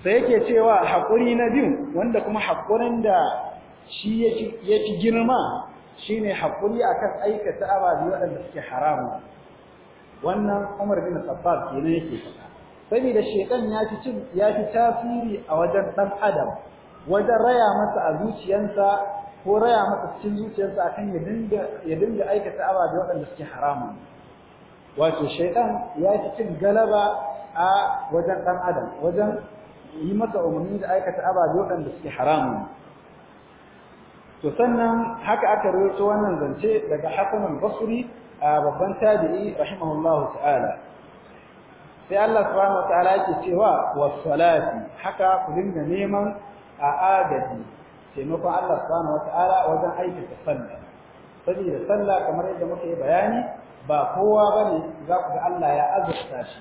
sai yake cewa hakuri na biyu wanda kuma hakurin da shi ya ci girma shine hakuri akan aikata ababe waɗanda suke haramu wannan Umar bin Khattab kenan yake faɗa saboda shedan ya ci ya fi tasiri a wajen dan adam wajen raya masa a zuciyarsa ko raya masa cikin zuciyarsa akan ya dinga ya dinga aikata ababe waɗanda suke haramun wato shaidan ya yi cin galaba a wajen ɗan adam wajen yi masa umarni da aikata ababe waɗanda suke haramun to sannan haka aka rawaito wannan zance daga Hassan al-Basri a babban tabi'i rahimahullahu ta'ala sai Allah subhanahu wataala yake cewa was-salati haka ku dinga neman a agaji taimakon Allah subhanahu wata'ala wajen aikata sallah saboda sallah kamar yadda muka yi bayani ba kowa bane za ku ga Allah ya azurta shi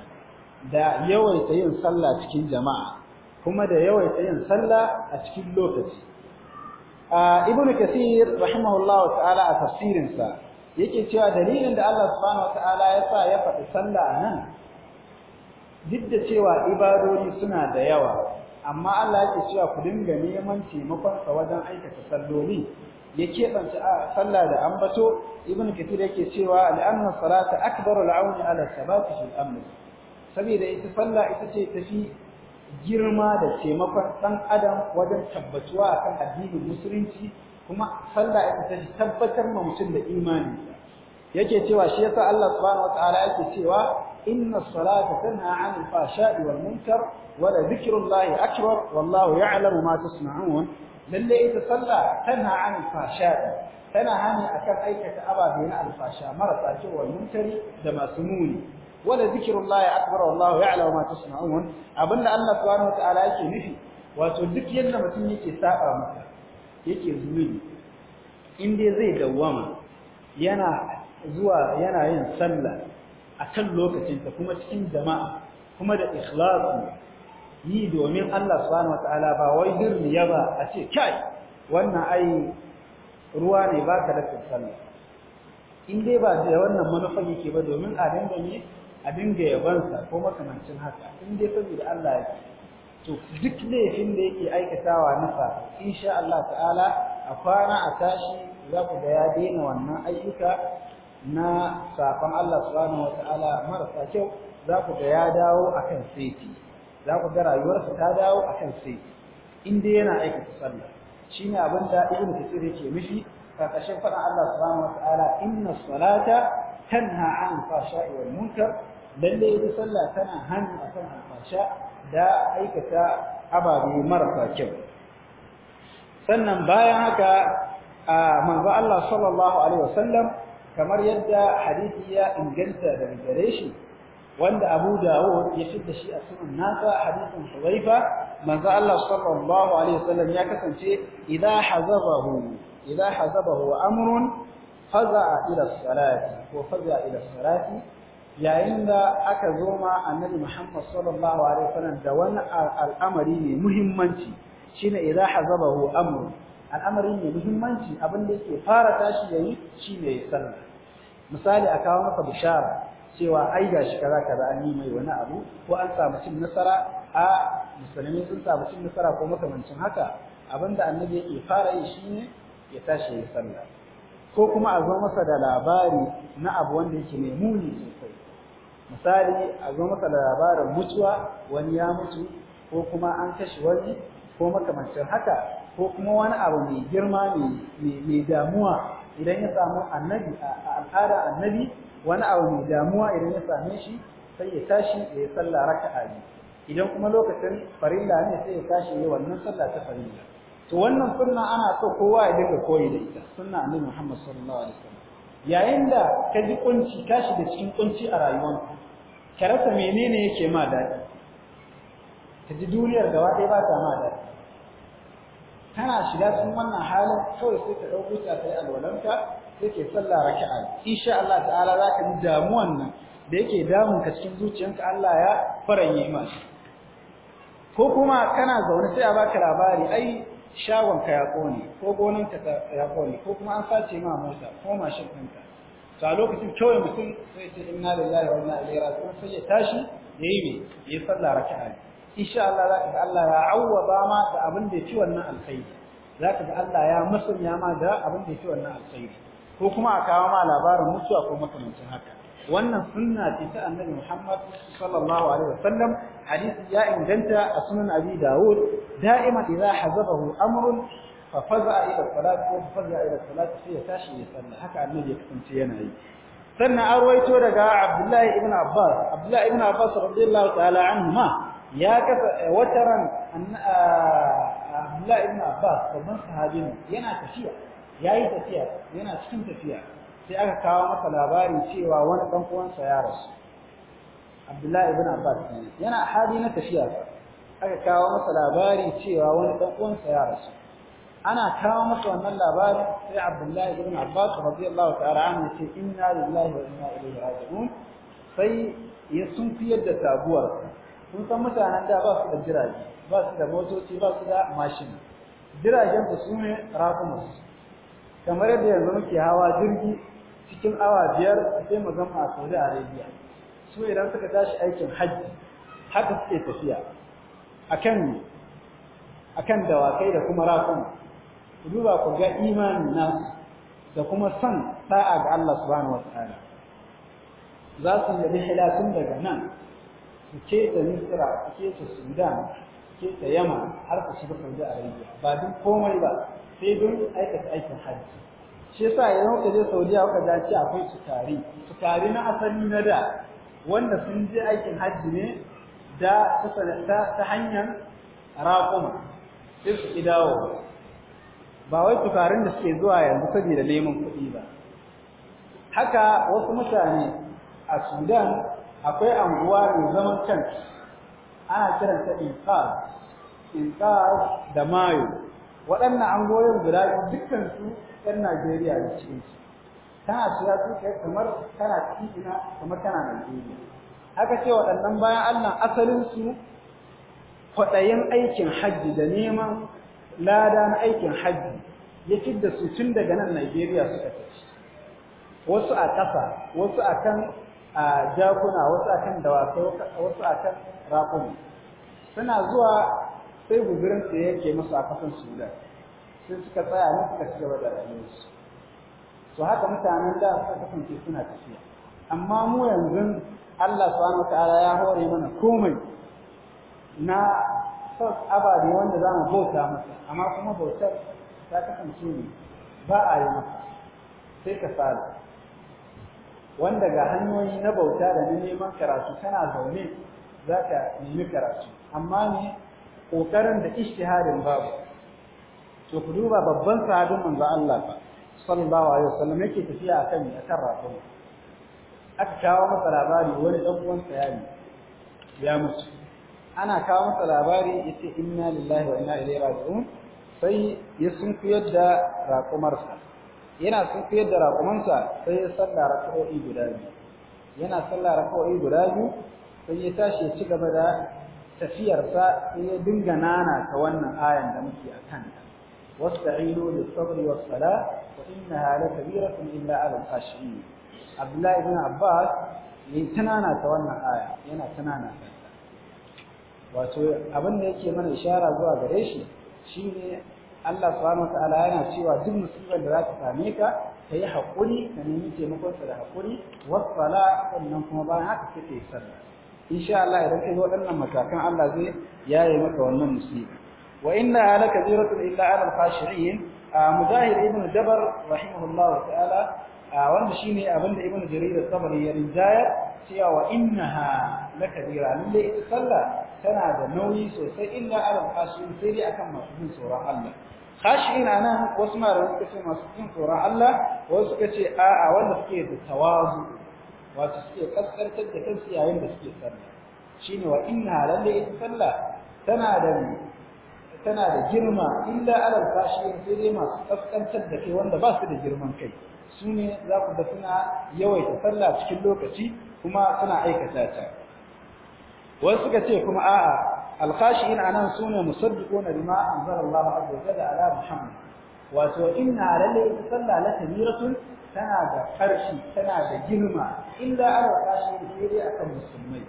da yawaita yin sallah cikin jama'a kuma da yawaita yin sallah a cikin lokaci ibnu kathir wa ta'ala a tafsirinsa yake cewa dalilin da Allah subhanahu wata'ala ya sa ya faɗi sallah nan duk da cewa ibadoni suna da yawa amma Allah yake cewa ku dinga neman taimakonsa wajen aikata salloli ya keɓance sallah da ambato ibn kathir yake cewa al'anna salata akbaru al'auni ala sabati fil amr saboda ita sallah ita ce tafi girma da taimakon dan adam wajen tabbatuwa akan addinin musulunci kuma sallah ita tafi tabbatar ma mutum da imani yake cewa shi yasa Allah subhanahu wataala yake cewa إن الصلاة تنهى عن الفحشاء والمنكر ولذكر الله أكبر والله يعلم ما تصنعون للي يتصلى تنهى عن الفحشاء تنهى عن أكل أيكة أبا بناء الفحشاء مرة أجو والمنكر دما سموني ولذكر الله أكبر والله يعلم ما تصنعون أبن الله سبحانه وتعالى يكي نفي وتذكر يدنا متن يكي ساقا مكا يكي زمين إن دي زي دوما yana zuwa yana yin sallah akan lokacinta kuma cikin jama'a kuma da ikhlasi yi domin Allah subhanahu wataala ba wai ya ba a ce kai wannan ai ruwa ne baka da sallah in dai ba da wannan manufa yake ba domin a dinga ne a dinga yabansa ko makamancin haka in dai saboda Allah ya to duk laifin da yake aikatawa nufa insha Allah ta'ala a kwana a tashi za ku ga ya daina wannan ayyuka na safan Allah subhanahu wataala marasa kyau za ku ga ya dawo akan saiti za ku ga rayuwarsa ta dawo akan saiti Inda yana aikata sallah shine abin da Ibn Kathir yake mishi karkashin faɗin Allah subhanahu wataala inna salata tanha an fashai wal munkar lalle ita sallah tana hannu akan alfasha da aikata ababe marasa kyau sannan bayan haka manzo Allah sallallahu alaihi wasallam kamar yadda hadisi ya inganta daga gare shi wanda Abu Dawud ya fitta shi a sunan nasa hadisin Hudayfa manzo Allah sallallahu alaihi wasallam ya kasance idza hazabahu idza hazabahu amrun faza'a ila salati ko faza'a ila salati yayin da aka zo ma annabi Muhammad sallallahu alaihi wasallam da wani al'amari mai muhimmanci shine idza hazabahu amrun al'amari mai muhimmanci abin da yake fara tashi yayi shi ne ya misali a kawo maka bishara cewa ai gashi kaza kaza an yi mai wani abu ko an samu cin nasara a musulmi sun samu cin nasara ko makamancin haka abin da annabi yake fara yi ne ya tashi yayi sallah ko kuma a zo masa da labari na abu wanda yake mai muni sosai misali a zo masa da labarin mutuwa wani ya mutu ko kuma an kashe wani ko makamancin haka ko kuma wani abu mai girma mai damuwa idan ya samu annabi a al'ada annabi wani abu mai damuwa idan ya same shi sai ya tashi ya yi sallah raka'a idan kuma lokacin farilla ne sai ya tashi ya wannan sallah ta farilla to wannan sunna ana so kowa ya dinga koyi da ita sunna annabi Muhammad sallallahu alaihi wasallam yayin da ka ji kunci ka shiga cikin kunci a rayuwarka ka rasa menene yake ma daɗi ka ji duniyar gaba ɗaya ba ta ma daɗi tana shiga cikin wannan halin kawai sai ka dauko ta kai alwalanta sai ke sallah raka'a insha Allah ta'ala za ka ji damuwan nan da yake damun ka cikin zuciyanka Allah ya faranye ma ko kuma kana zaune sai a baka labari ai shagon ka ya kone ko gonan ka ya kone ko kuma an sace ma mota ko mashin ɗinka to a lokacin kawai mutum sai ce inna lillahi wa inna ilaihi raji'un sai ya tashi yayi ne ya sallah raka'a insha Allah zaka ga Allah ya awwaba ma da abin da ya ci wannan alkhairi zaka ga Allah ya musanya ma da abin da ya ci wannan alkhairi ko kuma a kawo ma labarin mutuwa ko makamancin haka wannan sunna ce ta annabi Muhammad sallallahu alaihi wasallam hadisi ya inganta a sunan Abi Dawud da'ima idza hazabahu amrun fa faza ila salat ko faza ila salat sai ya tashi ya salla haka annabi ya kasance yana yi sannan an daga Abdullahi ibn Abbas Abdullahi ibn Abbas radiyallahu ta'ala anhu ma ya kasa wata wataran Abdullah ibn Abbas babban sahabi ne yana tafiya yayi tafiya yana cikin tafiya sai aka kawo masa labarin cewa wani dan uwansa ya rasu Abdullah ibn Abbas yana hali na tafiya aka kawo masa labarin cewa wani dan uwansa ya rasu ana kawo masa wannan labarin sai Abdullah ibn Abbas radiyallahu ta'ala anhu ce inna lillahi wa inna ilaihi raji'un sai ya sunfiyar da tabuwar kun san mutanen da ba su da jirage ba su da motoci ba su da mashin jiragen su su ne rakumus kamar yadda yanzu muke hawa jirgi cikin awa biyar sai mu gama a Saudi Arabia su idan suka tashi aikin hajji haka suke tafiya akan akan dawakai da kuma rakuma ku duba ku ga imanin nasu da kuma son da'a ga Allah subhanahu wataala za su yi hilatun tun daga nan ku keta misira ku keta sudan ku keta yaman har ku shiga saudi arabia ba duk komai ba sai don aikata aikin hajji shi yasa idan ka je saudiya kuka ce akwai tukari tukari na asali na da wanda sun je aikin hajji ne da ta hanyar raƙuma sai su dawo ba wai tukarin da suke zuwa yanzu saboda neman kuɗi ba haka wasu mutane a sudan akwai anguwa mai zaman kanta ana kiranta infaz infaz da mayo waɗannan anguwoyin guda dukkan su ɗan Najeriya ne cikin su tana shiga su kai kamar tana cikina kamar tana Najeriya aka ce waɗannan bayan Allah asalin su kwaɗayin aikin hajji da neman lada na aikin hajji ya cidda su tun daga nan Najeriya suka tafi wasu a ƙasa wasu a kan a jakuna wasu akan dawakai wasu akan suna zuwa sai guzurin su yake musu a kasan sudan sai suka tsaya ne suka ci gaba da rayuwarsu to haka mutanen da suka kasance suna tafiya amma mu yanzu Allah subhanahu wataala ya hore mana komai na sauk abadi wanda za mu bauta masa amma kuma bautar ta kasance ne ba a yi masa sai ka sala wanda ga hanyoyi na bauta da neman karatu kana zaune za ka nemi karatu amma ne ƙoƙarin da ishtihadin babu to ku duba babban sahabin manzo Allah fa sallallahu alaihi wasallam yake tafiya akan ya karatu aka kawo masa labari wani dan uwansa ya ne ya mutu ana kawo masa labari yace inna lillahi wa inna ilaihi raji'un sai ya sunku yadda raƙumarsa yana fiye da raƙumansa sai ya salla raka'o'i guda biyu yana salla raka'o'i guda biyu sai ya tashi ya ci gaba da tafiyarsa sai ya dinga nana ta wannan ayan da muke a kanta wasta'inu lis sabri was sala wa innaha lakabiratun illa 'alal khashi'in Abdullahi ibn Abbas ne tunana ta wannan aya yana tunana ta wato abin da yake mana ishara zuwa gare shi shine Allah subhanahu ta'ala yana cewa duk musibar da za ta same ka ka yi haƙuri ka nemi taimakon da haƙuri wasala sannan kuma bayan haka sai ka yi sallah insha Allah idan kai waɗannan matakan Allah zai yaye maka wannan musiba wa inna ala kabiratun illa ala al-khashirin mujahid ibn jabr rahimahullah ta'ala wanda shine abinda ibn jarir sabari ya rinjaya cewa innaha lakabira lalle ita sallah tana da nauyi sosai inda alal khashin sai dai akan masu jin tsoron Allah khashin anan wasu mara suka ce masu jin tsoron Allah wasu suka ce a'a wanda suke da tawazu wato suke kaskantar da kansu yayin da suke sallah shine wa inna lalle ita sallah tana da tana da girma illa alal khashin sai dai masu kaskantar da kai wanda ba su da girman kai su ne za ku ga suna yawaita sallah cikin lokaci kuma suna aikata ta wasu suka ce kuma a'a alkhashi'in anan sune musaddiquna bima anzalallahu azza wa jalla ala muhammad wato inna lalle sallah la tamiratun tana da farshi tana da girma illa ala khashi'in sai a akan musulmai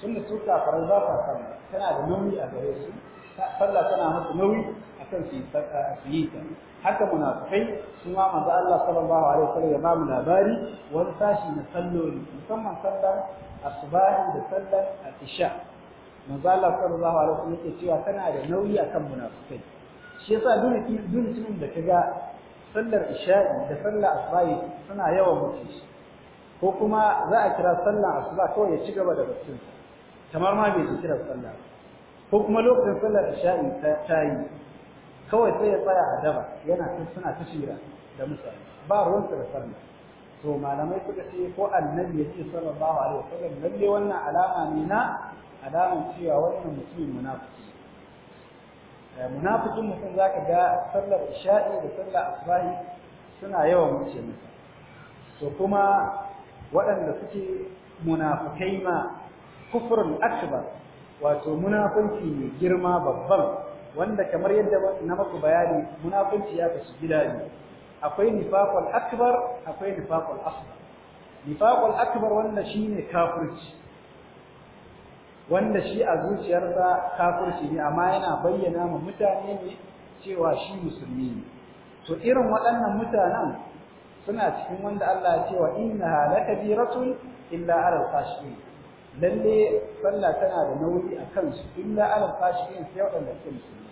tunda su kafarai za sa tana da nauyi a gare su sallah tana musu nauyi son su yi ta haka munafikai su ma manzo Allah sallallahu alaihi wasallam ya ba mu labari wani sashi na salloli musamman sallar asbahi da sallar isha manzo Allah sallallahu alaihi wasallam yake cewa tana da nauyi akan munafikai shi yasa dole mutumin da kaga sallar isha'i da sallar asbahi suna yawan shi? ko kuma za a kira sallar asuba kawai ya ci gaba da baccin kamar ma bai ji kiran sallah ko kuma lokacin sallar isha'i ta yi kawai sai ya tsaya a daba yana ta suna ta shira da mutane ba ruwan da sarni to malamai suka ce ko annabi ya ce sallallahu alaihi wasallam lalle wannan alama ne na alaman cewa wannan mutumin munafiki eh, munafikin mutum zaka ga sallar isha'i da sallar asbahi suna yawan wuce masa to kuma waɗanda suke munafikai ma kufrun akbar wato munafunci ne girma babban wanda kamar yadda na maku bayani munafunci ya kasu gida ne akwai nifaqul akbar akwai nifaqul asghar nifaqul akbar wanda shine kafirci wanda shi a zuciyarsa kafirci ne amma yana bayyana ma mutane ne cewa shi musulmi ne to irin waɗannan mutanen suna cikin wanda Allah ya ce wa innaha lakabiratun illa alal khashiyin lalle sallah tana da nauyi a kansu illa alal fashiqin sai waɗanda suke musulmi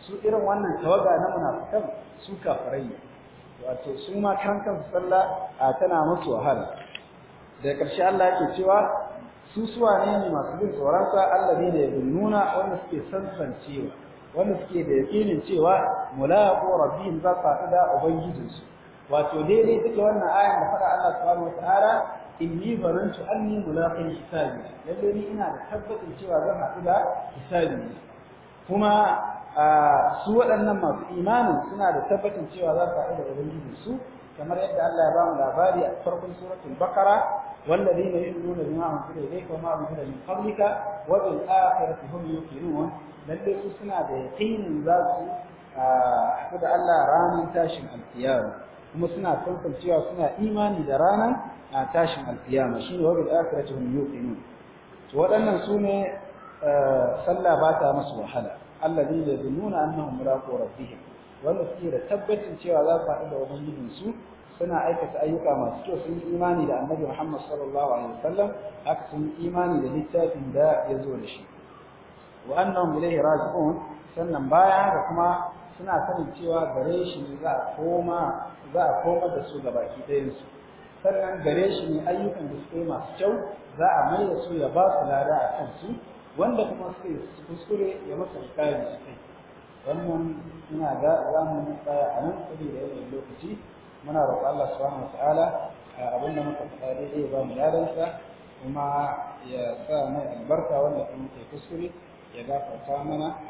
su irin wannan tawaga na munafikan su kafirai ne wato su ma kan kansu sallah tana musu wahala da ƙarshe Allah yake cewa su suwa ne masu bin tsoron sa ne da nuna wanda suke cewa, wanda suke da yakinin cewa mulaqu rabbihim za su da ubangijinsu wato daidai take wannan ayan da faɗa Allah subhanahu wataala inni barantu anni mulaqin hisabi lalle ni ina da tabbacin cewa zan haɗu da hisabi kuma su waɗannan masu imanin suna da tabbacin cewa za su haɗu da ubangiji su kamar yadda Allah ya bamu labari a farkon suratul baqara والذين يؤمنون بما أنزل إليك وما أنزل من قبلك وبالآخرة هم يوقنون lalle su suna da yaqinin za su haɗu da Allah ranar tashin alkiyama kuma suna kankancewa suna imani da rana a tashin alkiyama shine ne bil akhirati hum yuqinun to waɗannan sune eh, sallah ba ta masu wahala alladhi yadununa annahum mulaqu rabbihim wanda suke da tabbacin cewa za su haɗu da ubangijin su suna aikata ayyuka masu kyau sun yi imani da annabi Muhammad sallallahu alaihi wasallam haka sun yi imani da littafin da ya zo da shi wa annahum ilayhi raji'un sannan baya da kuma suna sanin cewa gare shi ne za a koma za a koma da su ga baki ɗayansu sannan gare shi ne ayyukan da suka masu kyau za a mai da su ya ba su lada a kansu wanda kuma suka yi kuskure ya masa hikayar su kai wannan ina ga za mu tsaya a nan saboda yanayin lokaci muna roƙon Allah subhanahu wataala abin da muka faɗa daidai ba mu ladansa kuma ya sa mai albarka wanda kuma ke kuskure ya gafarta mana